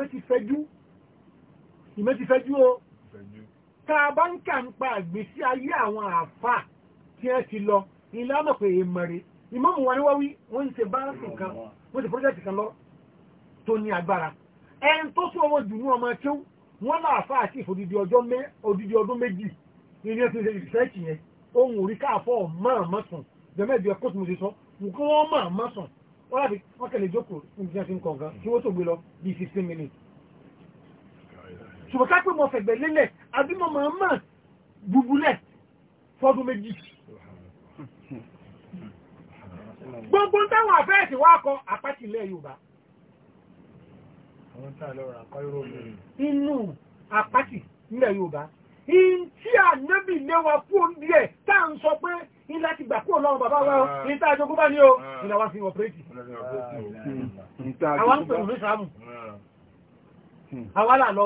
B: ní ẹ̀sẹ̀ ti wá tá a bá ń kà ń pa àgbésí ayé àwọn àfà tí ẹ ti lọ ìlànà pé èèmọ̀rẹ́ ìmọ̀mù wọn ni wọ́n wí wọ́n ń ṣe báńkì kan wọ́n ṣe pọ́jẹ́tì kan lọ tó ní agbára ẹn tó sún ọmọ jù ní ọmọ tí wọ́n láàfà àti ìfòdìdì ọdún méjì ní ẹ ti ṣe ìfẹ́ẹ̀kì yẹn ohun orí káàfọ́ mọ́ọ̀mọ́sùn jẹ́mẹ́bí ẹkọ́ tí mo ti sọ nǹkan wọ́n mọ́ọ̀mọ́sùn wọ́n láti wọ́n kẹ̀lé jókòó níbi tí wọ́n ti ń kọ̀ọ̀kan 15 minutes ṣùgbọ́n ká pé mo fẹ̀gbẹ̀ lélẹ̀ àbí mo máa mọ̀ bubulẹ̀ fọdún méjì gbogbo táwọn àfẹ́ẹ̀sì wá kọ àpátìlẹ̀ Yorùbá inú àpátì nílẹ̀ Yorùbá in tí ànábì léwa fún oúnjẹ tá à ń sọ pé in láti gbà kúrò lọ́wọ́ bàbá wa ah. in tá àjogún ah. ah. bá ní o ìlàwà fi ọ̀pẹ́rẹ́tì àwọn pẹ̀lú ìsàmù àwálà lọ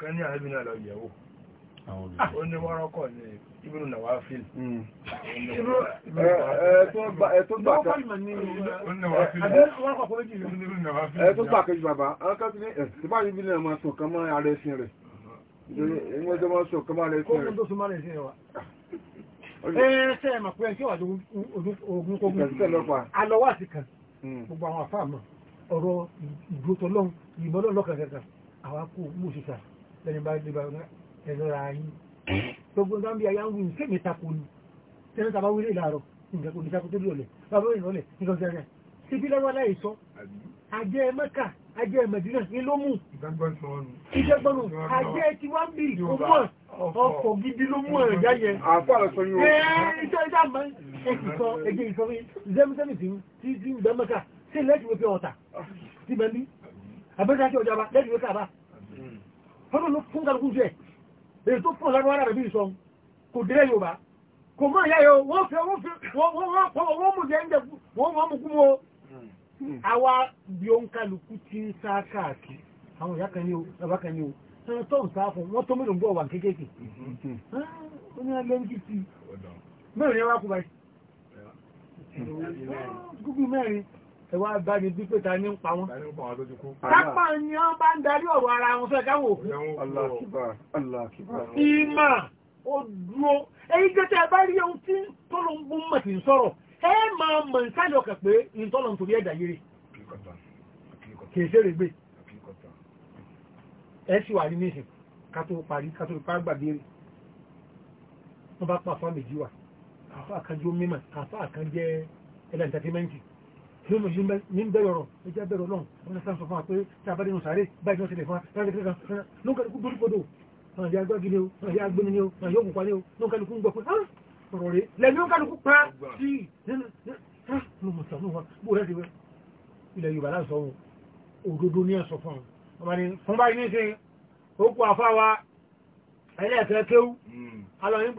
C: kan ní àrẹ́bìnrin àlọ́yẹ̀wò ó ní wọ́rọ́kọ̀ ní ibùdó nàwáfíìl
B: ẹ̀tọ́ gbà kejì bàbá akẹ́kọ̀ọ́ ní
D: ẹ̀sìnbá yìí bí náà máa sọ kan máa ààrẹ ẹ̀sìn rẹ̀
B: ìwọ́n
D: jẹ́ máa sọ kan máa ààrẹ ẹ̀sìn
B: rẹ̀ ẹ̀ẹ́sẹ̀ ẹ̀mà pé ẹ̀kí wà ogun kogun alọ́wà sí kan gbogbo àwọn àfáàmà ọ̀rọ̀ ìdúrótọ́lọ́run ìmọ́lọ́lọ́kẹ̀ẹ́kẹ̀ẹ́ àwọn akó mú òṣìṣà lẹ́ni bá dé bá ẹ̀rọ ra yín gbogbo nǹkan bí ayá ń wí nǹkan mẹ́ta kò ní tẹ́lẹ̀ tàbá wílé ìlàrọ̀ nǹkan kò ní sáko tó bí ọ̀lẹ̀ bàbá ìrọ̀lẹ̀ nǹkan tó rẹ̀ sí bí lọ́wọ́ láì sọ ajẹ́ mẹ́kà ajẹ́ mẹ́dínà ní ló mú ìjẹ́gbọ́nù ajẹ́ tí wá ń bì ọmọ ọkọ̀ gidi ló mú ẹ̀rẹ̀ jáyẹ ẹ̀ẹ́dẹ́gbẹ́ ìjàmbá ẹ̀kìkọ́ ẹ̀jẹ̀ ìsọ́rí zẹ́mísẹ́mì tí ń bẹ́ mẹ́kà sí lẹ́tìwé pé ọ̀tà fọ́nà ló fún kálukú jẹ́ èyí tó fún lọ́dún ara rẹ̀ bí sọ kò délé yorùbá kò mọ́ ìyá yóò wọ́n fẹ́ wọ́n fẹ́ wọ́n mú jẹ́ ń jẹ́ wọ́n mú kú mọ́ àwa bí ó ń kálukú ti ń sá káàkiri àwọn ìyá kan ní o bàbá kan ní o ẹni tó ń sá fún wọ́n tó mélòó ń bọ̀ wà kéékèèké ah, ó ní alẹ́ ń kí ti mẹ́rin ni wọ́n á kú báyìí gbogbo ah, mẹ́rin ẹwà bá ní bí pẹ́ta ní ń pa wọn tápà ní wọ́n bá ń darí ọ̀rọ̀ ara wọn fẹ́ káwọn òkú ìmà ó dúró èyí gẹ́gẹ́ bá rí ohun tí tọ́lọ ń gún mọ̀tí sọ̀rọ̀ ẹ máa mọ̀ ìsáàlì ọkà pé ìtọ́lọ ń torí ẹ̀dà yìí kìí ṣe rè gbé ẹ sì wà ní nísìn ká tó parí ká tó ipá gbàgbé rè wọ́n bá pa fámìlì wa ní mo ṣe ní bẹ̀rẹ̀ ọ̀rọ̀ ẹjẹ́ bẹ̀rẹ̀ ọlọ́run wọn ní sáńsọ fún wa pé tí a bá dínú kan ló ń kẹ́lùkù dúró kodò ọ̀nà ìyá gbọ́gí ni ni o ọ̀nà yóò kùpa ni o ló ń kẹ́lùkù ń gbọ́ pé ah! ọ̀rọ̀ rẹ̀ lẹ́ni ó ń kẹ́lùkù pa sí nínú mọ̀tàn nínú wọn bó rẹ̀ ti wẹ́ ilẹ̀ Yorùbá láǹsọ̀ wọn òdodo ní ẹ̀sọ̀ fún wọn ọmọ ni fún báyìí ní sin ó kú àfa wa ẹlẹ́ẹ̀kẹ́ kéwú
F: hmm.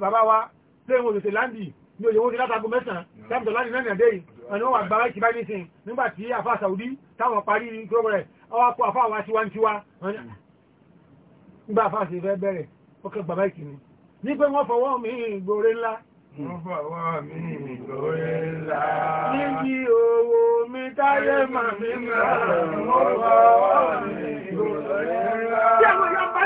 B: bàbá wa pé wọn òṣèlú láǹdì hmm. ní òyìnbó ti látàgùn mẹ́sàn-án tábìtọ̀ ẹni wọ́n wà gbà láìsí báyìí nísìn nígbà tí Saudi táwọn parí ní kúrò rẹ̀ ọwọ́ kó àfà wa tiwa ń tiwa nígbà àfà sì fẹ́ bẹ̀rẹ̀ ó kẹ́ gbà láìsí ni ní pé wọ́n fọwọ́ mi ìgbòrè ńlá wọ́n fọwọ́
C: mi ìgbòrè ńlá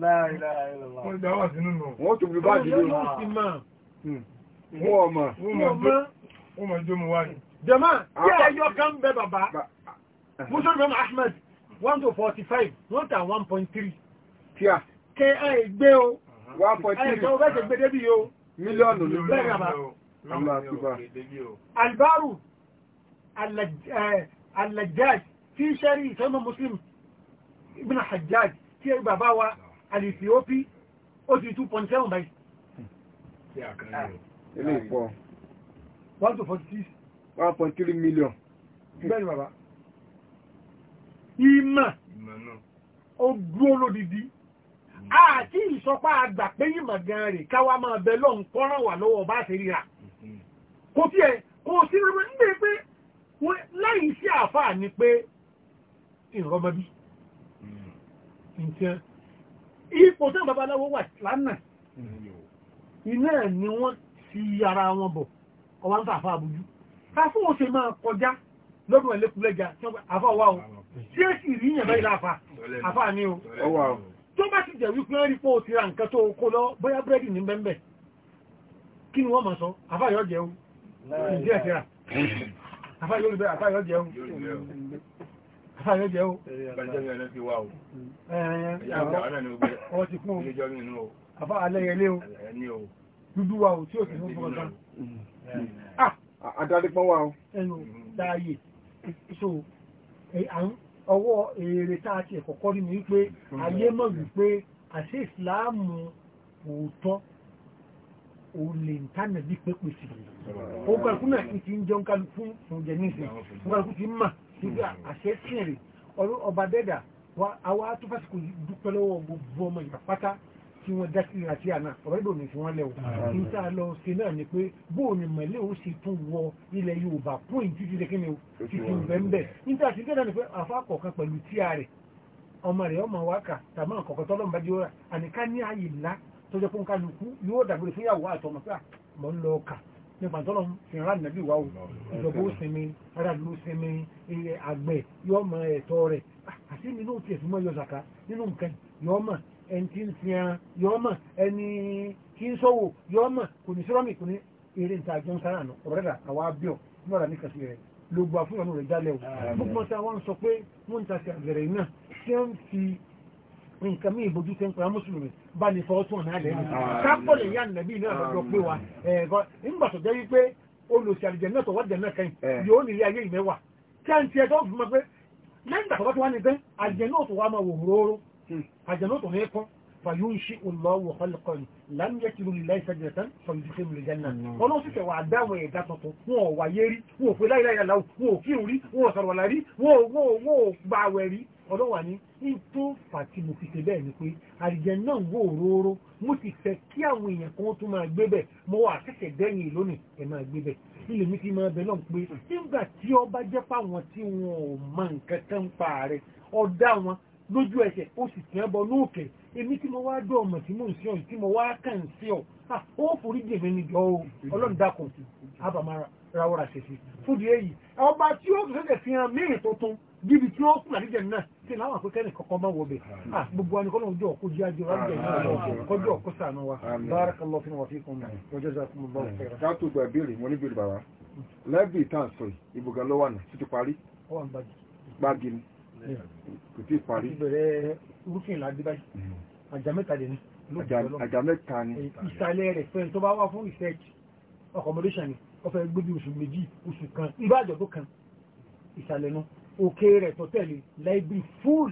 G: Wọ́n dá wà
D: sínú nù. Wọ́n tó bí bá dìde nù. Hmm. Hmm. Wọ́n ọmọ. Wọ́n
B: mọ̀ jó mú wá ní. Jẹ́mà, kí ah, ẹyọ kan bẹ bàbá, eh. Mùsùlùmí Bẹ́mà Ahmed, 1 to 45, wọ́n tà 1.3. Tíà. Kẹ ẹ gbé o. 1.3. Ẹ jọ bẹ́ẹ̀ ṣe gbé débí o. Mílíọ̀nù ló bẹ́ẹ̀ bàbá. Albaru, Ìṣẹ́mọ̀ eh, Mùsùlùmí, Ibn Hajjaj, tí ẹ bàbá wa àlèsì ó pí ó ti 2.7 báyìí ah. ilé ìpọ̀ 1.46 1.3 million bẹ́ẹ̀ni bàbá ìmọ̀ ogún olódìdí àti ìsọpá àgbà pé ìmọ̀ gan rẹ̀ káwà máa bẹ lọ́n kọ́ràn wà lọ́wọ́ bá ṣe ríra mm-hmm. kò tí ẹ kò sí rẹ̀ ní pé lẹ́yìn sí àfáà ni pé ìrọmọbí nǹkan mm ipò tán babaláwo wà lánàá
F: mm-hmm.
B: iná ẹ̀ ni wọ́n ti ara wọn bọ̀ ọwá ń fà àfà àbújú káfún òṣè máa kọjá lọ́dún ẹ̀lẹ́kùlẹ́já àfà wà o tí ó sì rí yẹ̀bá ilá àfà àfà ní o tó bá ti jẹ̀ wípé rí pé o ti ra nǹkan tó kó lọ bóyá búrẹ́dì ní bẹ́ẹ̀ kí ni wọ́n máa sọ àfà yọ jẹun ìdí Ayé jẹ́ o.
C: Ìgbàjẹ́ mi ọ̀nà ti wá o. Ẹ̀yẹ́ ọ̀nà ni ó gbé. Ọwọ́ ti fún o. Ilé-ẹjọ́ mi nù o. Àfá alẹ́yẹlé o. Ẹni o.
B: Dúdú wa o tí ó sì fún fún
C: ọ̀tá.
B: Àdáde pọ́n wa o. Ẹnu láàyè. Mm-hmm. So, ọwọ́ èrè tá a ti ẹ̀kọ́kọ́ rí ni pé mm-hmm. ayé mọ̀ wípé àṣẹ ìsìláàmù òótọ́ olè ntánà bí pépè sí. Ó gbàgbọ́n náà ti ń jẹun kálukú fún jẹ nísìnyí. Ó gbàgbọ́n ti ń mà. nígbà àṣẹ tìrì ọba dẹ́dà àwa tó fásitì dúpẹ́ lọ́wọ́ gbogbo ọmọ ìgbà pátá tí wọ́n dá sí àti àná ọ̀rẹ́ ìbò ní fi wọ́n lẹ́wọ̀ níta lọ sí náà ni pé bóò ni mẹ̀lẹ́ ò sì tún wọ ilẹ̀ Yorùbá fún ìdíjú lẹ́kẹ́ ni ti fi ni ọmọ ọmọ tàbí nípa tọ́lọ̀ fi rán nàbí wà ó ìjọba ó sinmi ara ló sinmi àgbẹ̀ yọ mọ ẹ̀tọ́ rẹ̀ àti nínú tiẹ̀ tó mọ yọ nínú nǹkan yọ mọ ẹni tí ń sin yọ mọ ẹni tí ń sọ́wọ́ yọ mọ kò ní sọ́rọ́mì kò ní eré níta jọ ń sára àná ọ̀rẹ́ rà àwa bíọ̀ níwọ̀n ní kàṣí rẹ̀ ló fún ìrànú rẹ̀ jálẹ̀ o gbogbo ọ̀sẹ̀ àwọn sọ pé wọ́n ń ta àgbẹ̀rẹ̀ náà tí wọ́n fi nǹkan mí ìbojú tẹ́ ń pẹ̀lú mùsùlùmí bá ní fọ́ọ̀tún ọ̀nà alẹ́ ah. kápọ̀lẹ̀ yá nàbí náà lọ́jọ́ pé wa ẹ̀ẹ́gọ́ eh, nígbà jẹ́ wípé olùsí àlìjẹ̀ náà tọ̀wọ́ jẹ̀ náà kẹ́yìn eh. yóò nílé ayé ìmẹ́wà kí a ń tiẹ̀ tó fi mọ́ pé lẹ́yìn tàbí wá ní tẹ́ àlìjẹ̀ náà tó wá máa wò róró hmm. àlìjẹ̀ náà tó ní kún fàyúnṣí olówó ọlọ́kọ̀ọ́nì láńjẹ́ kí lórí láì sẹ́jẹ̀tẹ́ fọ̀yìnkìrì lìjẹ́nà ọlọ́run sì fẹ̀wà àdáwọn ẹ̀dá tuntun wọn ò wáyé rí wọn ò pé láìláìláwò wọn ò kírun rí wọn ò sọ̀rọ̀ là rí wọn ní tó fàtí fi ṣe bẹ́ẹ̀ ni pé àrìjẹ náà wò róró mo sì fẹ́ kí àwọn èèyàn kan tó máa gbé bẹ̀ mo wà kẹ́kẹ́ dẹ́yìn lónìí ẹ̀ máa gbé bẹ̀ ilé mi ti máa bẹ̀ náà pé nígbà tí ọba jẹ́ pàwọn tí wọn ò mọ nǹkan kan pa rẹ̀ ọ̀dá wọn lójú ẹsẹ̀ ó sì tẹ́ bọ lóòkè èmi tí mo wá dọ̀ ọmọ tí mo ń sí ọ tí mo wá kàn sí ọ ó forí dèmí ni jọ o ọlọ́run dákun abàmà rawọ́ra ṣèṣì fúdi èyí ọba tí ó sọ́sẹ̀ fi hàn mí tuntun bíbi tí ó kù àdíjẹ náà tí láwọn akẹ́kẹ́ nìkan kan máa wọ bẹ̀ gbogbo àwọn ìkọlọ́run jọ kó jẹ́ àjọ rájẹ̀ náà kọjọ́ kó sànù wa barakallahu fina wa fikum ọjọ́ ìsàkùnmọ́ bá wọn fẹ́ràn. ká
D: tó gba ìbéèrè mo ní bèrè bàbá lẹ́bì tá kò tí parí. àti
B: bẹ̀rẹ̀ rúfin làdí báyìí hmm. àjà mẹ́ta lè ní. àjà mẹ́ta ni. Eh, ìsàlẹ̀ rẹ̀ fẹ́ tó bá wà fún research accommodation ni wọ́n fẹ́ gbé bí oṣù méjì oṣù kan ibà àjọ̀dún kan ìsàlẹ̀ nu òkè rẹ̀ tó tẹ̀lé láìbí fúl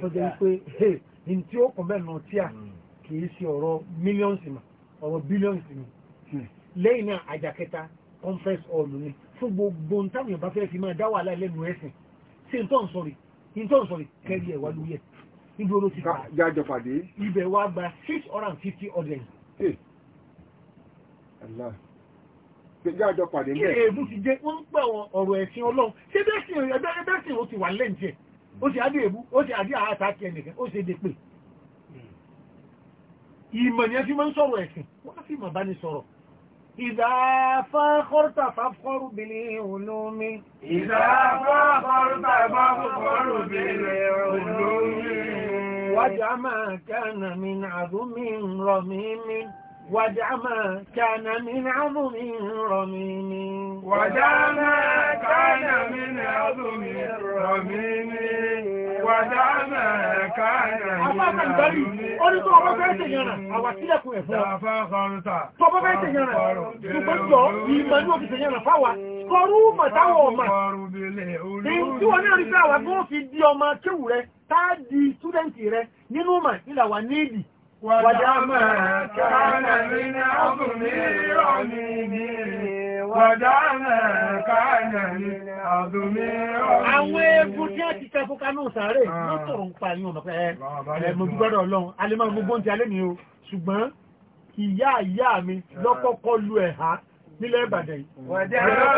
B: tó jẹ́ pé hey n tí ó kàn bẹ́ẹ̀ nà tí a hmm. kì í ṣe ọ̀rọ̀ millions mà ọ̀rọ̀ billions ni hmm. lẹ́yìn náà àjà kẹta conference hall ni fún gbogbo ntàwọn yorùbá fẹ́ẹ́ fi máa dá wàhálà lẹ́nu ẹ̀sìn ṣé n tó ń sọ rèé ìjọ sọ̀rọ̀ kẹrí ẹ̀wà ló yẹ níbi olóòtú ìgbà jájọ pàdé ibẹ̀ wa gba six hundred and fifty ọdẹ yìí. jájọ pàdé mẹ́ẹ̀. èébú ti dé wọ́n ń pẹ̀ wọn ọ̀rọ̀ ẹ̀sìn ọlọ́run ṣé bẹ́sìn ẹgbẹ́ ẹgbẹ́sìn ó ti wà lẹ́ǹtẹ̀ ó ti adé èébú ó ti adé àhàtà kí ẹnìkan ó ṣe dé pé. Hmm. ìmọ̀ ni ẹ fi máa ń sọ̀rọ̀ ẹ̀sìn wọ́n á fi mọ̀ bá ní sọ̀rọ̀ إذا فاخرت فافخر بالعلوم إذا فاخرت فافخر
G: بالعلوم واجع ما كان من عظم رميم واجع ما كان من عظم رميم واجع ما كان من عظم رميم Wàdánà káàkiri. Afáàkà ìbárí, ó ní tó ọmọ fẹ́ tèèyàn rà, àwà sílẹ̀kùn ẹ̀fọ́. Tó ọmọ fẹ́ tèèyàn rà, ṣùgbọ́n jọ ìmọ̀ ní òfin tèèyàn rà fáwa.
B: Kọrú màtáwọ̀ ọmọ.
G: Èyí tí wọ́n náà rí pé àwa
B: tó fi di ọmọ kéwù rẹ̀, táà
G: Wọ̀dánà káànà ní àdúmí ọ̀rọ̀. Àwọn
B: egun tí a ti tẹ́kọ́ ah. ká náà sáré, ló tọ̀rọ̀ ń pa yín ọ̀nà eh, eh, pẹ́ ẹ̀mọ̀dúgbọ́dọ̀ ọlọ́run, alẹ́mọ̀ gbogbo ti alẹ́ ni o, ṣùgbọ́n ìyá ìyá mi lọ́kọ́kọ́ lu ẹ̀há nílẹ̀ Ìbàdàn yìí. Wọ̀dánà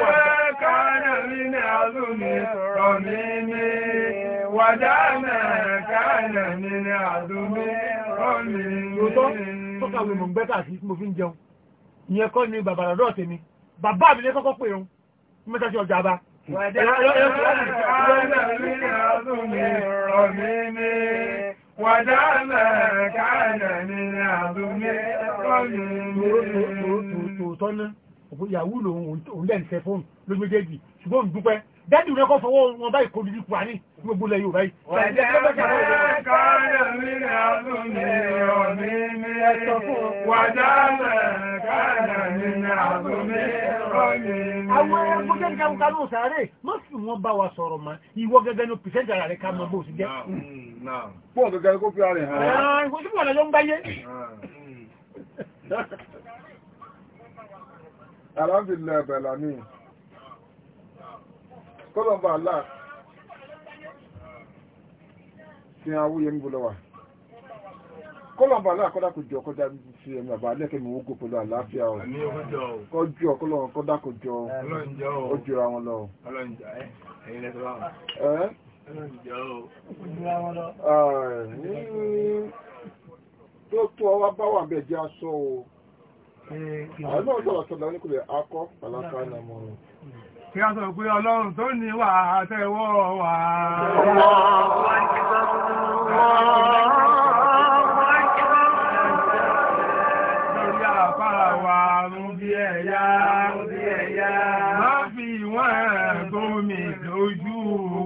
B: káànà ní àdúmí ọ̀rọ̀ mi ní.
G: Wọ̀dánà
B: káànà ní àdúmí ọ̀rọ̀ mi ní. Lóòótọ́, tọ́ka mi mọ̀ ń gbẹ́kà sí mo fi ń bàbá mi lé kọ́kọ́ pè rún mẹ́ta sí ọjà bá Tòótọ́ náà, ìyàwó lòun lẹ́ǹfẹ́ fóònù ló méjèèjì, ṣùgbọ́n dúpẹ́ dádì rẹ̀ kọ́ fọwọ́ wọn báyìí kò dídí kùrà ní gbogbo lẹ́yìn òbáyìí.
G: ọ̀dẹ́ kọ́lẹ̀ mi ni àánú mi ò ní mi wàjá kọ́lẹ̀ mi ni àánú mi ò ní mi. àwọn ẹranko jẹ́ nǹkan kan
B: ló sáré má sì wọ́n bá wa sọ̀rọ̀ mọ́ ìwọ gẹ́gẹ́ ní pìsẹ́ntì ara rẹ̀ ká mọ bó ti jẹ́. pọ̀ gẹ́gẹ́ kó fi ara rẹ̀ hàn. ẹ̀ẹ́n
C: kò sí pọ̀ lọ́jọ́ ń gbáyé.
D: alábìlẹ̀ bẹ̀lá ni
F: kọ́lọ̀mbà aláà
D: tí a wúye ń gbọ́lọ́wà kọ́lọ̀mbà aláà kọ́dá kò jọ kọjá fi ẹ̀mí àbá lẹ́kẹ̀mí owó gòpò lọ àlàáfíà ọ̀ kọjọ kọ́lọ̀mbà kọ́dá kò jọ ojú àwọn lọ tó tó ọwá bá wà bẹ̀ jẹ́ aṣọ́ o àwọn náà sọ̀rọ̀ sọ̀rọ̀ nípìnlẹ̀ akọ́ pàlákà náà mọ̀ràn
G: kí a sọ pé ọlọ́run tó ní wà àtẹ́wọ́ wà lórí àpára wà rún bí ẹ̀yà má fi wọ́n gómi lójú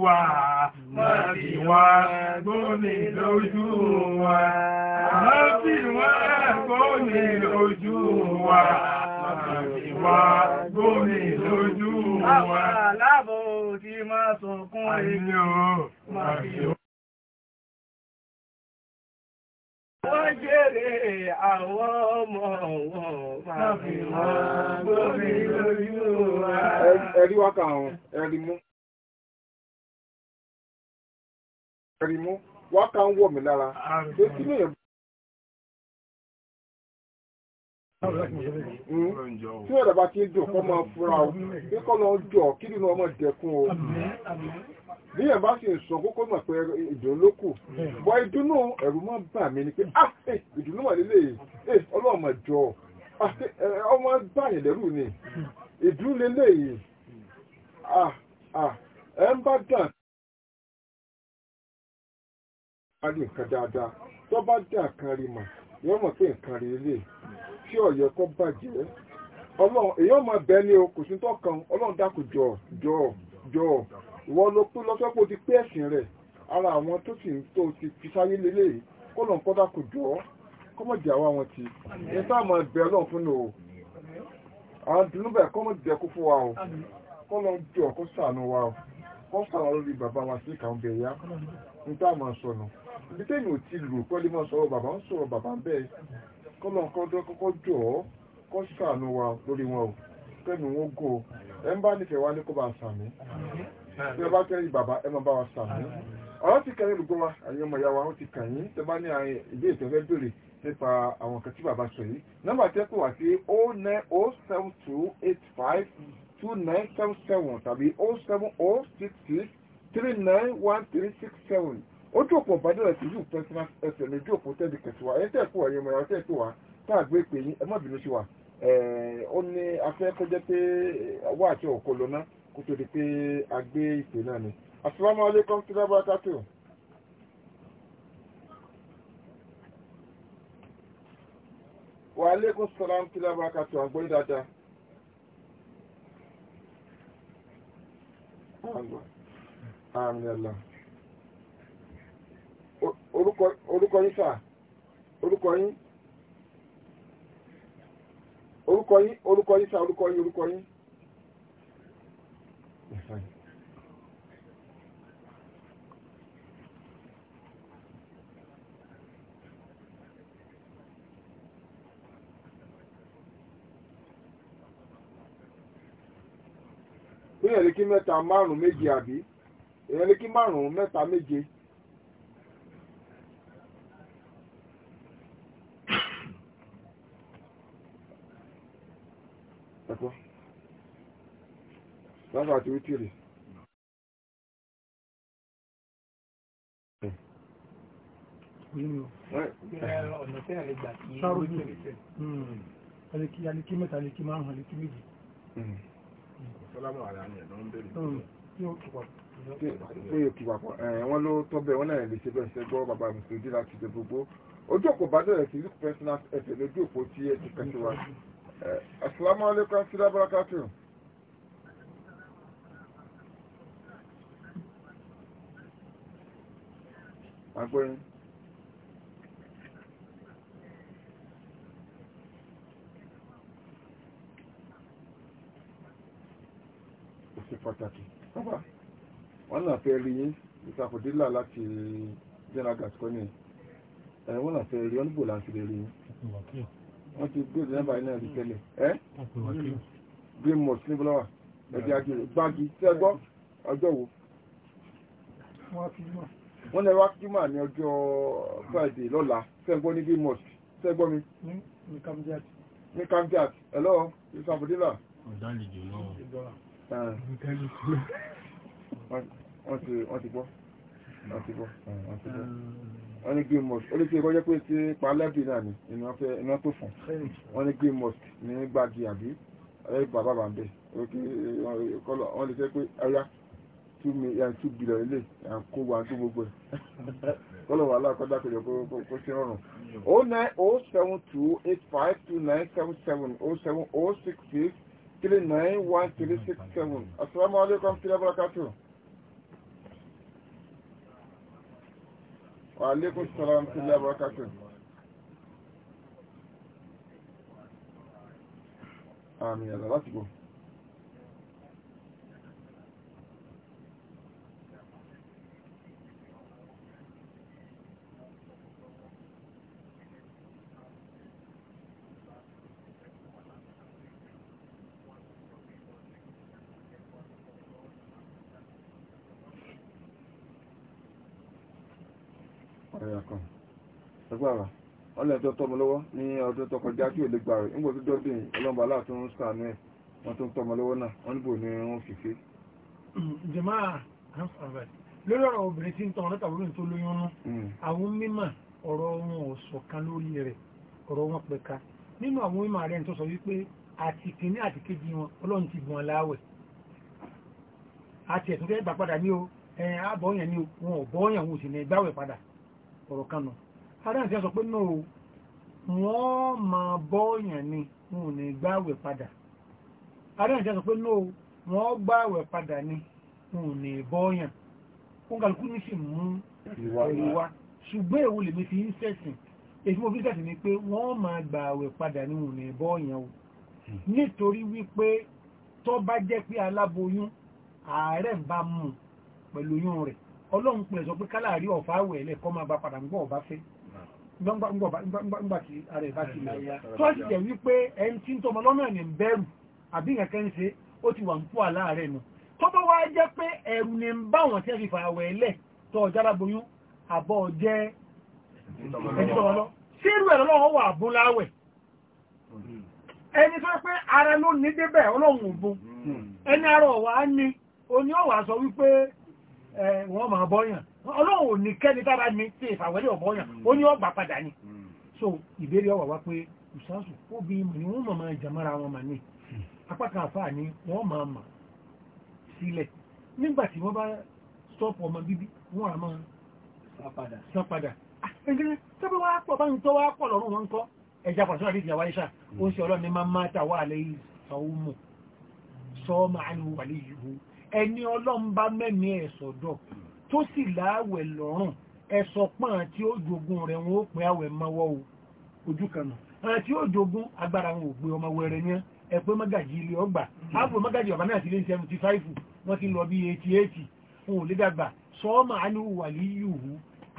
G: wà má fi wọ́n gómi lójú wà má fi wọ́n gómi lójú wà wá gómi lójú wa. Àwọn
E: aláàbò ti máa sọkún ẹni o, máa fi ó. Wọ́n jèrè àwọn ọmọ wọn máa fi wọ́n gómi lójú wa. Ẹ̀rí wákà àwọn ẹ̀rí mú. Ẹ̀rí mú, wákà ń Hmm? tí ọ̀rọ̀ bá
D: ti ń dùn kọ́ máa fura o kí kọ́ lọ jọ kí nínú ọmọ dẹkùn o bí ẹ̀ bá sì ń sọ kókó mọ̀ pé ìdùn ló kù bọ́ ìdùnnú ẹ̀rù máa bà mí ni pé ah eh, ìdùnnú wà nílé yìí eh, ọlọ́run mà jọ ah, eh, ọmọ báyìí lẹ́rù ni ìdùnnú lélẹ̀ yìí
E: ah ah ẹ̀ ń bá dàn á ní nǹkan dáadáa tó bá dàn kan màá yóò mọ̀ pé nǹkan rèé
D: lè tí ọ̀yẹ́ kọ́ bàjẹ́ ọlọ́run èyàn máa bẹ ní o kò sí tó kan ọlọ́run dákun jọ jọ jọ ìwọ ló pé lọ́sọ́pọ̀ ti pé ẹ̀sìn rẹ̀ ara àwọn tó sì ń tó ti fi sáyé lélẹ̀ kó lọ́n kọ́ dákun jọ kọ́mọ̀dé àwa wọn ti ní sáà máa bẹ ọlọ́run fún o àwọn dùnú bẹ̀ kọ́mọ̀dé kó fún wa o kọ́ lọ́n jọ kó ṣàánú wa o kó ṣàánú lórí bàbá wa sí ìkàwọn bẹ̀yà ní táà máa sọnù ibi tẹ́yìn ò ti lò kọ́ lè máa sọ̀rọ̀ bàbá ń sọ̀rọ̀ bàbá ń bẹ́ẹ̀ kọ́lọ̀ kọ́dọ́ kọ́kọ́ jọ ọ́ kọ́ ṣàánú wa lórí wọn o kẹ́mi wọn gò ẹ ń bá nífẹ̀ẹ́ wa ní kó bá sàmì bí ẹ bá kẹ́rin bàbá ẹ máa bá wa sàmì ọ̀rọ̀ ti kẹ́rin olùgbọ́ wa àyè ọmọ ìyá wa ó ti kàn yín tẹ́ bá ní ìdí ìtẹ́fẹ́ béèrè nípa àwọn kan tí bàbá sọ yìí nọ́mbà tẹ́kùn àti 0907285 2977 tàbí 07066 391367 ojú òpó ìbádọ́rẹ̀ sí yóò tẹ́ ẹsẹ̀ lójú òpó tẹ́bi kẹsì wa ẹ̀yẹ́ tẹ́ẹ̀kú ẹ̀yẹ́ mọ̀ra tẹ́ẹ̀kú wa tá a gbé pè yín ẹ má bínú sí wa ó ní afẹ́ kó jẹ́ pé wá àti òkò lọ́nà kó tó di pé a gbé ìpè náà ni. asalaamu aleykum tí dábàá kátó. wa aleykum salaam tí dábàá kátó àgbọ̀yé dáadáa. Amin Allah. orúkọ yín sáà orúkọ yín orúkọ yín orúkọ yín sáà orúkọ yín orúkọ yín bí ẹ̀rí kí mẹ́ta márùn-ún méje àbí ẹ̀rí kí márùn-ún mẹ́ta méje. àkọ́kọ́ láfà àti wítìrì
E: hmm. ọ̀nà tẹ́rẹ̀ lè gbà kí wítìrì
B: tẹ́ aliki aliki mẹ́ta aliki márùn-ún aliki méjì hmm.
D: hmm. wọ́n ló tọ́ wọ́n náà lè ṣe bẹ́ẹ̀ ṣe gbọ́ bàbá mùsùlùmí láti ṣe gbogbo ojú òpó bá dẹ̀rẹ̀ sí personal ẹ̀fẹ̀ lójú òpó tí ẹ ti kẹsíwájú Eh, assalamu alaikum sila barakatu. Agbóyin. Ó ṣe pàtàkì. Bàbá, wọ́n náà fẹ́ rí yín, ìsàkòdílà láti Jẹ́nà Gàtìkọ́ ní ẹ̀. Wọ́n náà fẹ́ rí ọ́nbò láti lè rí yín wọ́n ti gbé ìdílé báyìí náà ti tẹ́lẹ̀ ẹ́ green mosque ní bọ́lá wà ẹ̀jẹ̀ àjèrè gbági tẹ́gbọ́ ọjọ́ wo. wọ́n lè wá kímà ní ọjọ́ friday lọ́la tẹ́gbọ́ ní green mosque tẹ́gbọ́ mi. ní kamjat ní kamjat hello yusuf abudulayi.
C: ọ̀dàlejò náà.
D: Ah. wọ́n ti gbọ́ wọ́n ti gbọ́. Ah wọ́n ní green mosque ó lè fi kọjá pé tí palẹ́bì náà ni iná tó fún wọ́n ní green mosque ní gbági àbí ẹgbà bàbà ń bẹ̀ wọ́n lè fẹ́ pé ẹyá eh, two billion ilé kó wa tó gbogbo ẹ̀ kọ́lọ̀ wà láàkọ́dá pẹ̀lú kó sí rọrùn. o oh nine o oh seven two eight five two nine seven seven o oh seven o six six three nine one three six seven asalaamualeykum tí a bá kàtó. Wa alaikum salaam wa rahmatullahi wa barakatuh. Àmín àlá láti gbọ́. kan ẹgbàrà ọlẹ́ni tó tọ́mọ lọ́wọ́ ní ọdún tó kọjá kí ò lè gbà rẹ̀ nígbà tó dọ́dún ọlọ́mọ aláàtún sàánú ẹ̀ wọ́n tó tọ́mọ lọ́wọ́ náà wọ́n níbò ní wọ́n
B: lórí ọ̀rọ̀ obìnrin tí ń tọ́ ọ̀rẹ́ta tó lóyún hmm. àwọn mímọ̀ ọ̀rọ̀ lórí rẹ̀ ọ̀rọ̀ wọn pẹ̀ka nínú àwọn ọ̀rọ̀ kanu adé àti sọ pé o wọ́n máa bọ́ọ̀yàn ni wọn ò ní gbáwẹ̀ padà adé àti sọ pé náà wọ́n gbáwẹ̀ padà ni wọn ò ní bọ́ọ̀yàn wọn kàlùkù ní sì mú ìwà ṣùgbọ́n èwo lèmi fi ń sẹ̀sìn èyí mo fi sẹ̀sìn ni pé wọ́n máa gbàwẹ̀ padà ni wọn ò bọ́ọ̀yàn o nítorí wípé tó bá jẹ́ pé aláboyún ààrẹ bá mú pẹ̀lú oyún rẹ̀ ọlọ́run pẹ̀lẹ̀ sọ pé kálàrí ọ̀fà àwẹ̀ ẹ̀lẹ̀ kọ́ máa bá padà ńgbọ́ ọ̀bá fẹ́ ńgbàtí ara ẹ̀ bá ti lọ tó á sì jẹ́ wípé ẹni tí ń tọmọ lọ́nà ní bẹ̀rù àbí ìrẹ̀kẹ́ ń ṣe ó ti wà ń fún àláàrẹ̀ nù tó bá wá jẹ́ pé ẹ̀rù ni ń bá wọn tí ẹ fi fà àwẹ̀ ẹ̀lẹ̀ tó ọjà láboyún àbọ̀ jẹ́
F: ẹni
C: tọmọ lọ
B: sí irú ẹ̀rọ lọ́wọ́ wà bún láwẹ̀ ẹni tó pé ara ló ní débẹ̀ ọlọ́run ò bún hmm. ẹni ara ọ̀wà á ní oní ọ̀wà sọ wípé wọ́n máa bọ́yàn ọlọ́run ò ní kẹ́ni tára ní tí ìfàwẹ́lẹ́ ọ̀bọ́yàn mm. ó ní ọgbà padà ni mm. so ìbéèrè ọwà wá pé ìsáàsù óbí ni wọ́n mọ̀ máa jàmára wọn mà ní apákan àfáà ni wọ́n máa mà mm. sílẹ̀ nígbà tí wọ́n bá stop ọmọ bíbí wọ́n á máa san padà ẹgbẹ́ sábà ah, wá pọ̀ bá ń tọ́ wá pọ̀ lọ́rùn wọn kọ́ ẹja pàṣẹ ẹni ọlọ́mbá mẹ́mí ẹ̀ sọ̀dọ̀ tó sì láàwẹ̀ lọ́rùn ẹ̀sọ̀ pọ́n tí ó jogun rẹ̀ wọn ó pẹ́ àwẹ̀ mọ́wọ́ ojú kanà àti ó jogun agbára wọn ò gbé ọmọ wẹrẹ yẹn ẹ̀pẹ́ mọ́gàjì ilé ọgbà áàbò mọ́gàjì ọ̀bá náà ti lé 75 wọ́n ti lọ bí 88 wọn ò lè dàgbà sọ́ọ́mà ánú wàlí yùhù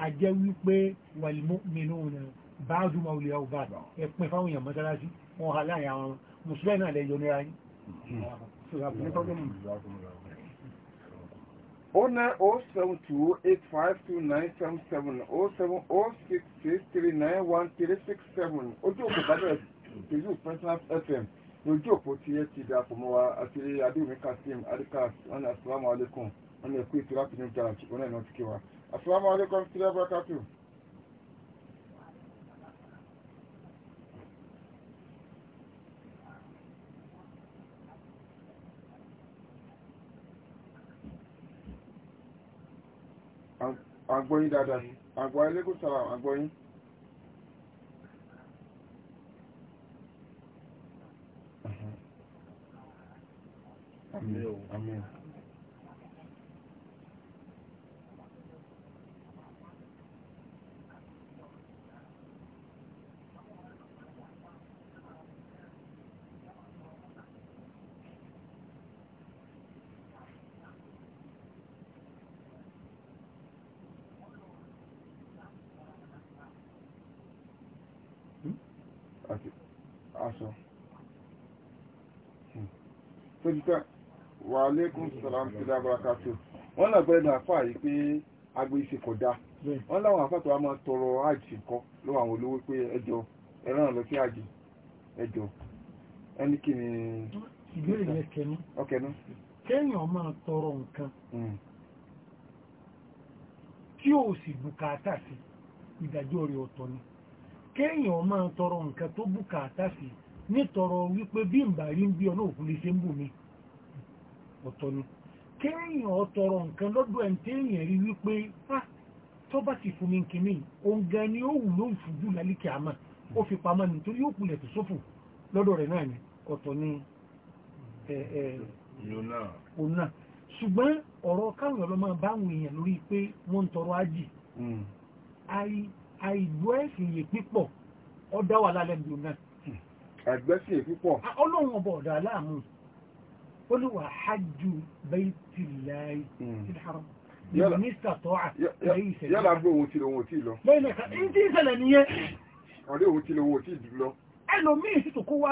B: àjẹ́ wípé wàlímọ́ mẹ́nu ọ̀nà bá dùnmọ̀ olè ọba ẹ̀pẹ́ fáwọn èèyàn
D: 07072852977 07066391367 ojú òpó bàbá ìpèjú personal fm lójú òpó tí ẹ ti dàpọ̀ mọ́ wa àti adéwìmí kasim adikas wọn ni asalaamualeykum wọn ni ẹkú ìtura pinnu jara ṣùgbọ́n náà ni wọ́n ti kí wa asalaamualeykum sílẹ̀ bàkàtù. àgbọ́yìn dáadáa àgbọ́ ilẹ́kùn sára àgbọ́yìn Amém. Amém. sójútà wà lẹ́kùn sàlámù sí dábàrákà tó wọ́n lágbẹ́rẹ́ náà fà yí pé agbe ṣe kọjá wọ́n láwọn àfàtò wa máa tọrọ àjì kan lọ́wọ́ àwọn olówó pé ẹjọ́ ẹran lọ sí àjì
B: ẹjọ́ ẹni kí ni. ìbéèrè yẹn kẹnu ọkẹnu kéèyàn máa tọrọ nǹkan hmm. tí ó sì bùkátà sí ìdájọ́ rẹ̀ ọ̀tọ̀ ni kéèyàn máa tọrọ nǹkan tó bùkátà sí nítorọ wípé bí n bá rí ń bí ọ̀nà òkú ṣe ń bù mí ọ̀tọ̀ ni kéèyàn nǹkan lọ́dọ̀ wípé tó bá ti fún mi kìíní oǹgan ni ó wù ló fún jù lálíkẹ́ àmà ó fi pamọ́ nítorí ó kulẹ̀ tó sófò lọ́dọ̀ rẹ̀ náà ni ọ̀tọ̀ ni
C: ọ̀nà
B: ṣùgbọ́n ọ̀rọ̀ káwọn ọlọ́mọ èèyàn lórí pé wọ́n ń tọrọ ájì hmm. àìgbọ́ ẹ̀sìn yè ọ dá wà lálẹ́ àgbẹ́sìn púpọ̀. ọlọ́run ọba ọ̀dà aláàmú olùwà hajju baitillahi al-haram hmm. mínísítà tó à lẹ́yìn ìṣẹ̀lẹ̀. yálà
E: gbé òun ti lọ òun ti lọ. lẹ́yìn náà ń tí ìṣẹ̀lẹ̀ nìyẹn. ọ̀rẹ́ òun ti lọ òun ti dùn lọ. ẹlòmíì sì tó kó wá.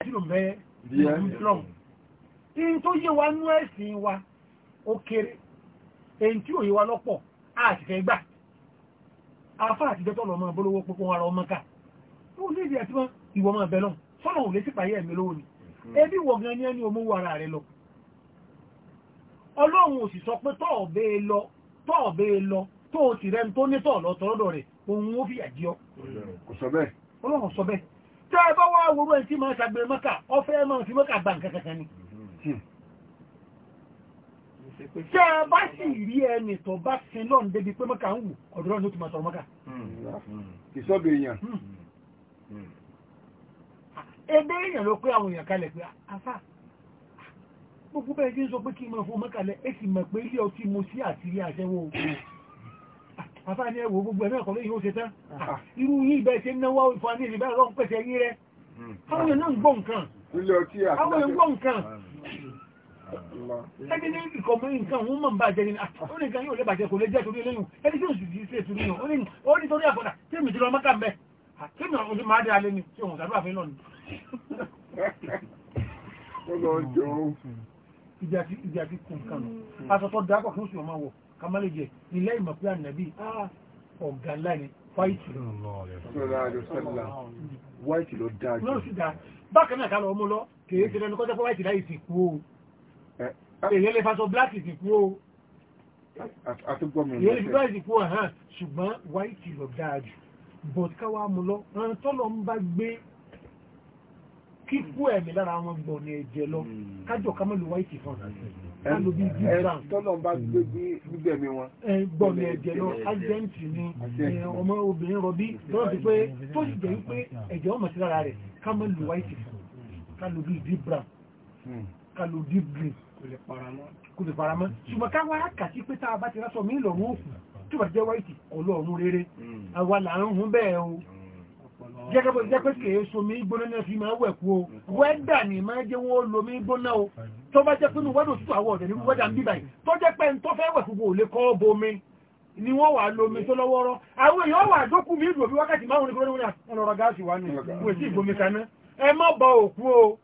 E: ìdílò mẹ́ẹ́ lọ́n. ihun tó yé wa nú ẹ̀sìn wa ó kéré
B: èyí tí òye wa lọ́pọ̀ á sì fẹ́ gbà afá àtijọ́ tọ́lọ ọmọ bolówó púpọ̀ ara ọmọ ká ó lè di àti wọn ìwọ máa bẹ lọ sọ́nà ò lè sí pàyẹ́ ẹ̀mí lówó ni hmm. ebi wọ̀ gan ni ẹni omówó ara rẹ lọ ọlọ́run ò sì sọ pé tọ́ọ̀bẹ́ lọ tọ́ọ̀bẹ́ lọ tó o sì rẹni tó ní tọ́ọ̀lọ́ tọ́lọ́dọ̀ rẹ̀ òun ó fìyà jí ọ ọlọ́run sọ bẹ́ẹ̀ tẹ́ fi mọ́kà ṣé ẹ bá sì rí ẹni tó bá sin lọ́n débi pé mọ́kà ń wù ọ̀dọ́rọ̀ ní ó ti máa sọ̀rọ̀ mọ́kà.
D: ìsọ́dọ̀ èèyàn. Hmm.
B: ebe èèyàn ló pé àwọn èèyàn kalẹ̀ pé afá gbogbo bẹ́ẹ̀ ti ń sọ pé kí n máa fún mọ́kà lẹ̀ ẹ sì mọ̀ pé ilé ọtí mo sí àti ilé àṣẹwó afá ni ẹwọ gbogbo ẹ̀mẹ́ ọ̀kọ̀ lóyìn ó ṣe tán ah. Ah, irú yìí bẹ́ẹ̀ ṣe náwó ìfọ̀ ní ìrìbá ọlọ́run
F: ẹni
B: ní ìkọ̀ mú nǹkan òun mọ̀ ń bàjẹ́ ah, ní àwọn yóò lè bàjẹ́ kò lè jẹ́ torí eléyìn ẹni tí ó sì ti ṣe torí yàn ó ní torí àkọ́dà tí èmi ti lọ mẹ́ ah, tí èmi máa dé alẹ́ ni tí òun sàdúrà fẹ́ lọ́nà. ìjà ti ọmọ ah, lọ kèé ṣe lẹnu kọ́jọ́ wáìtì láì sìnkú Eh, eh, èyí lè faṣọ bláàkì ti kú o
D: èyí lè fi bláàkì
B: ti kú o hàn ṣùgbọ́n wáìtì lọ dáa jù bọ̀t káwá mú lọ ràn tọ́lọ ń bá gbé kíkú ẹ̀mí lára wọn gbọ̀ ní ẹ̀jẹ̀ lọ kájọ hmm. ká mọ́lù wáìtì fún tọ́lọ̀ bá gbé
D: gbígbẹ̀mí wọn.
B: gbọ́ ní ẹ̀jẹ̀ lọ agẹ́ǹtì ni ọmọ obìnrin rọbí tọ́lọ̀ bí pé tó sì jẹ́ wípé ẹ̀jẹ̀ ọmọ sí lára rẹ̀ ká mọ́lù wáìtì fún ká lò bí dibra kò lè faramọ́ ṣùgbọ́n ká wá kàtí pé tá a bá ti rásọ mí lọ́rùn òkú tí wà jẹ́ wáìtì ọlọ́run rere hmm. àwa là ń hun bẹ́ẹ̀ o hmm. gẹ́gẹ́ bó jẹ́ pé kèé somi gbóná náà fi máa wẹ̀kú o hmm. wẹ́dà ní máa jẹ́ wọ́n lomi gbóná o tó bá jẹ́ pé ní wẹ́dà òtútù àwọ̀ ọ̀dẹ̀ ní wẹ́dà ń bíbà tó jẹ́ pé tó fẹ́ wẹ̀kú bò lè kọ́ bomi ni wọ́n wà lómi tó lọ́wọ́rọ́ àwọn èèyàn wà dókù mi ìdùn òbí wákàtí márùn-ún nígbà wọn ọ̀rọ̀ gáàsì wà nù wọ́n sì gbomi kaná ẹ má bọ òkú o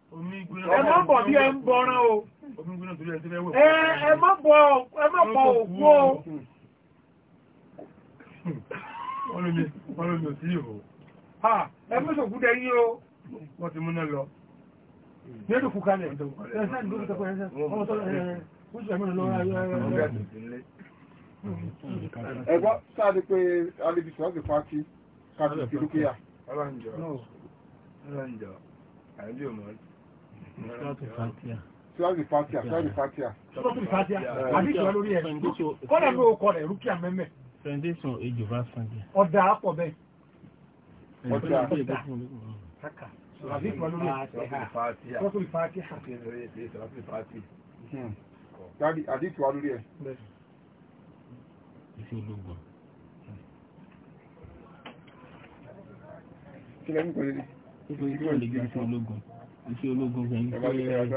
G: ẹ má bọ bí ẹ ń bọran o ẹ má bọ̀ òkú o wọ́n ló lè sí ìhò ẹ mọ́ sọ̀kú dẹ yí o wọ́n ti múná lọ ní
B: ẹ̀dùn kú kalẹ̀ ẹ̀sán ìdókítà pẹ̀lú ẹ̀sán ọmọ sọ́lọ́ ẹ̀rẹ̀ kúrò ẹ̀mọ́ lọ́wọ́ ayọ́
D: ẹgbọ́ sáàdì pé alébìsì láti pàtí káàkiri kìlúkìyà aláǹjọ́ aláǹjọ́ àìlú ọmọ tíwájú fatia tíwájú fatia. tíwájú fatia àbí ìṣòro lórí ẹ̀ kọ́dà pé o
B: kọ rẹ̀ rúkìá mẹ́mẹ́. presentation ejò bá sàn jẹ. ọ̀dà àpọ̀ bẹ́ẹ̀. ọ̀dà ọ̀dà
D: kàkà àbí ìṣòro lórí ẹ̀ tíwájú fatia. Hmm. dadi àbí ìṣòro lórí ẹ̀. iṣẹ́ ológun. kílẹ̀ ní kò é
C: rí. iṣẹ́ ológun iṣẹ́ ológun fẹ̀yìn
D: tó yẹ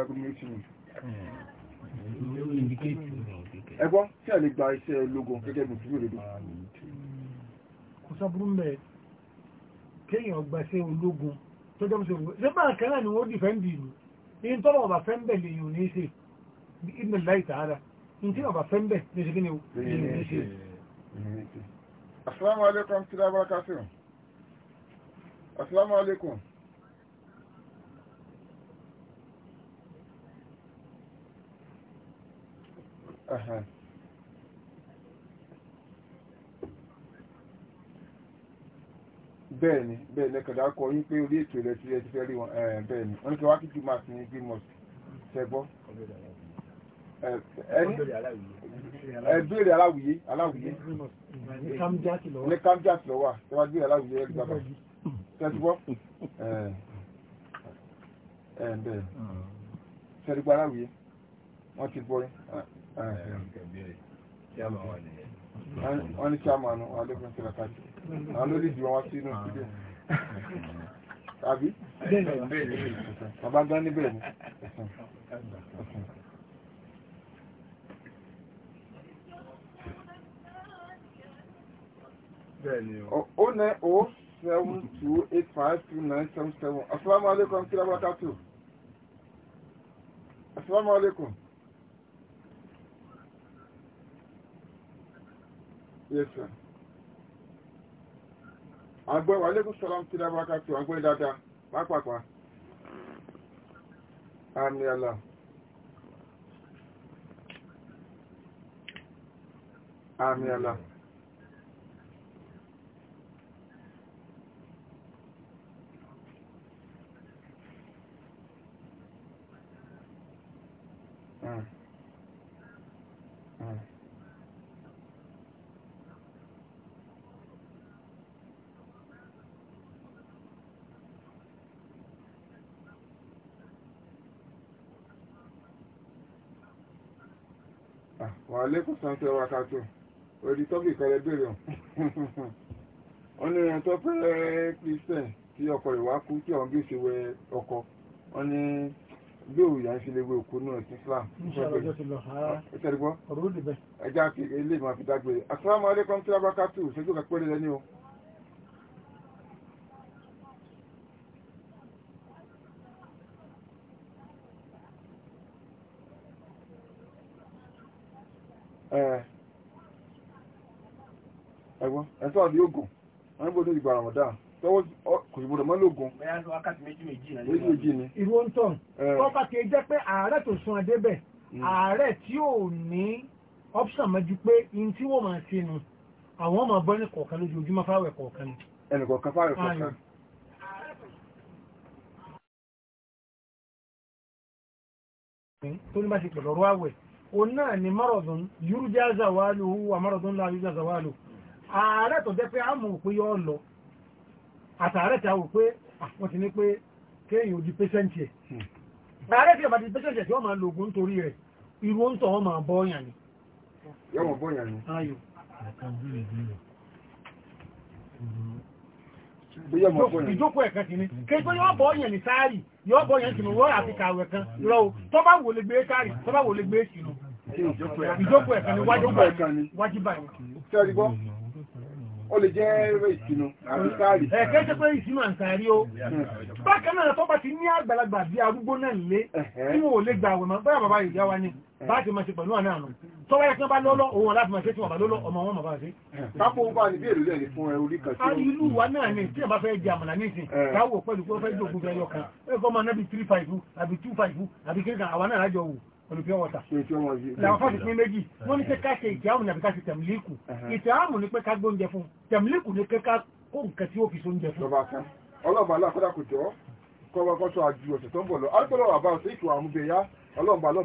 D: ẹgbọ́n tí a lè gba iṣẹ́ ológun gẹ́gẹ́ bí ojú òdodo.
B: kò sábúrú mẹ́ kéèyàn gba iṣẹ́ ológun tó jẹ́ mọ́sẹ̀ ológun ṣé máa kẹ́lá ni wọ́n dìfẹ́ǹdì ìlú ní tọ́lọ̀ ọ̀bà fẹ́ǹbẹ̀ lè yùn ní ṣe ìdílé láì tààrà ní tí ọ̀bà fẹ́ǹbẹ̀ ní ṣe kí ni ó ní ṣe.
D: asalaamualeykum tí a bá kásìrò asalaamualeykum. bẹ́ẹ̀ni bẹ́ẹ̀ lẹ́kọ̀dá kọ yí pé orí ètò ilẹ̀ tí ẹ ti fẹ́ rí wọn bẹ́ẹ̀ni wọ́n ní kí wọ́n kíkì máa fi ní bí mọ̀sí tẹ́gbọ́ ẹgbẹ́rẹ̀ aláwùyé aláwùyé ní kámjáàtì lọ́wà tẹ́wàgbé aláwùyé ẹgbàbà tẹ́gbọ́ ẹ̀ẹ́bẹ̀ẹ̀ tẹ́gbọ́ aláwùyé wọ́n ti bọ́rin wọ́n ní chairman wọn lẹ́gbẹ̀ẹ́ sílẹ̀ káàkiri àwọn lórí ìdíwọ́n wá sí inú studio tàbí bàbá gán níbẹ̀ ni o nine o seven two eight five two nine seven seven asalaamualeykum kí ló bá ká tó asalaamualeykum. Yes, sir. Àgbẹ̀ wà lẹ́kùn sọ́lá ti dábàá ká tó àgbẹ̀ dáadáa pápápá. Àmì àlà. Àmì àlà. Mm. alaikum salaam wa rahmatullahi orí tọ́bì kẹrẹ bèrè
F: hàn
D: wọ́n ní ẹni tó fẹ́ kristian tí ọkọ ìwà kú tí ọ̀n bí ṣe wẹ ọkọ wọ́n ní bí òòyà ń ṣe lè wẹ òkú náà sí Islam ìṣẹ́lẹ̀ gbọ́ ẹja ilé ìmọ̀ àfidágbé asalaamualeykum tí a bá ká tù ṣẹ́jú kàpẹ́rẹ́ lẹ́ni o. ẹ̀gbọ́n ẹ̀sọ́ àti ogun wọ́n gbọ́dọ̀ ìgbà àmọ̀dá
B: tọ́wọ́ kò sí gbọ́dọ̀ mọ́ lógun
A: méjì ni irú ń tàn kọ́pá
B: kìí jẹ́ pé ààrẹ tó sun hmm. ààrẹ tí ò ní mẹ́jú pé in tí wọ́n máa ṣe nu àwọn ọmọ ní kọ̀ọ̀kan fáwẹ̀ kọ̀ọ̀kan ni
D: ẹnìkọ̀ọ̀kan fáwẹ̀ kọ̀ọ̀kan
E: hmm. tó ní bá ṣe pẹ̀lú àwẹ̀ òun náà ni mọ́rọ̀dún yúrújá
B: zàwálù wà mọ́rọ̀dún láà yúrújá zàwálù ààrẹ tó jẹ́ pé a mọ̀ pé yọ́ lọ àtàrẹ tí a wò pé wọ́n ti ní pé kéèyàn ò di pẹ́sẹ́ntì ẹ̀ hmm. ààrẹ tí a bá di pẹ́sẹ́ntì ẹ̀ tí wọ́n máa lo ogun rẹ̀ irú ń tọ̀ wọ́n máa bọ́ọ̀yàn ni. yọ́mọ̀ bọ́ọ̀yàn ni. ayò. ìjókòó ẹ̀kan ti ní kéèyàn bọ́ọ̀yàn ni sáárì yóò bọ́ yẹn jùmọ̀ wọ́n àti kàwẹ̀ kan lọ́wọ́ tó bá wò lè gbé kárì tó bá wò lè gbé ìṣìnà ìjókòó ẹ̀kan ni wájú báyìí
D: ó lè jẹ́ ẹ̀rẹ́ ìsinú
B: àti sáàrì. ẹ̀kẹ́ jẹ́ pé ìsinú àǹkàrí ó bákan náà tó bá ti ní àgbàlagbà bí arúgbó náà lé tí wọn ò lè gbà àwẹ̀mọ́ báyà bàbá ìyá wa ni bá ti máa ṣe pẹ̀lú àná àná tó wáyé kí wọ́n bá lọ́lọ́ òun láti máa ṣe tí wọ́n bá lọ́lọ́ ọmọ wọn màbá ṣe. sápò ń bá ní bí èrò lẹ́yìn fún ẹrú rí kan tí ó. ìlú wa náà ni tí ẹ bá fẹ́ jẹ àmàlà nísìn káwọ pẹ̀lú pé ó fẹ́ olùfíọ́wọ̀ta làwọn fásitì ní méjì wọ́n ní pé ká ṣe ìjáàmù ní àbíká ṣe tẹ̀mlíkù ìtààmù ní pé ká gbóúnjẹ fún tẹ̀mlíkù ní pé ká kó nǹkan tí ó fi sóúnjẹ
E: fún. ọlọ́ọ̀bà aláàkọ́dà kò jọ kọ́wọ́ kọ́sọ́ àjù ọ̀sẹ̀ tó ń bọ̀ lọ alùpùpù àbá ọ̀sẹ̀ ìtò àmúbẹ̀yà ọlọ́ọ̀bà lọ́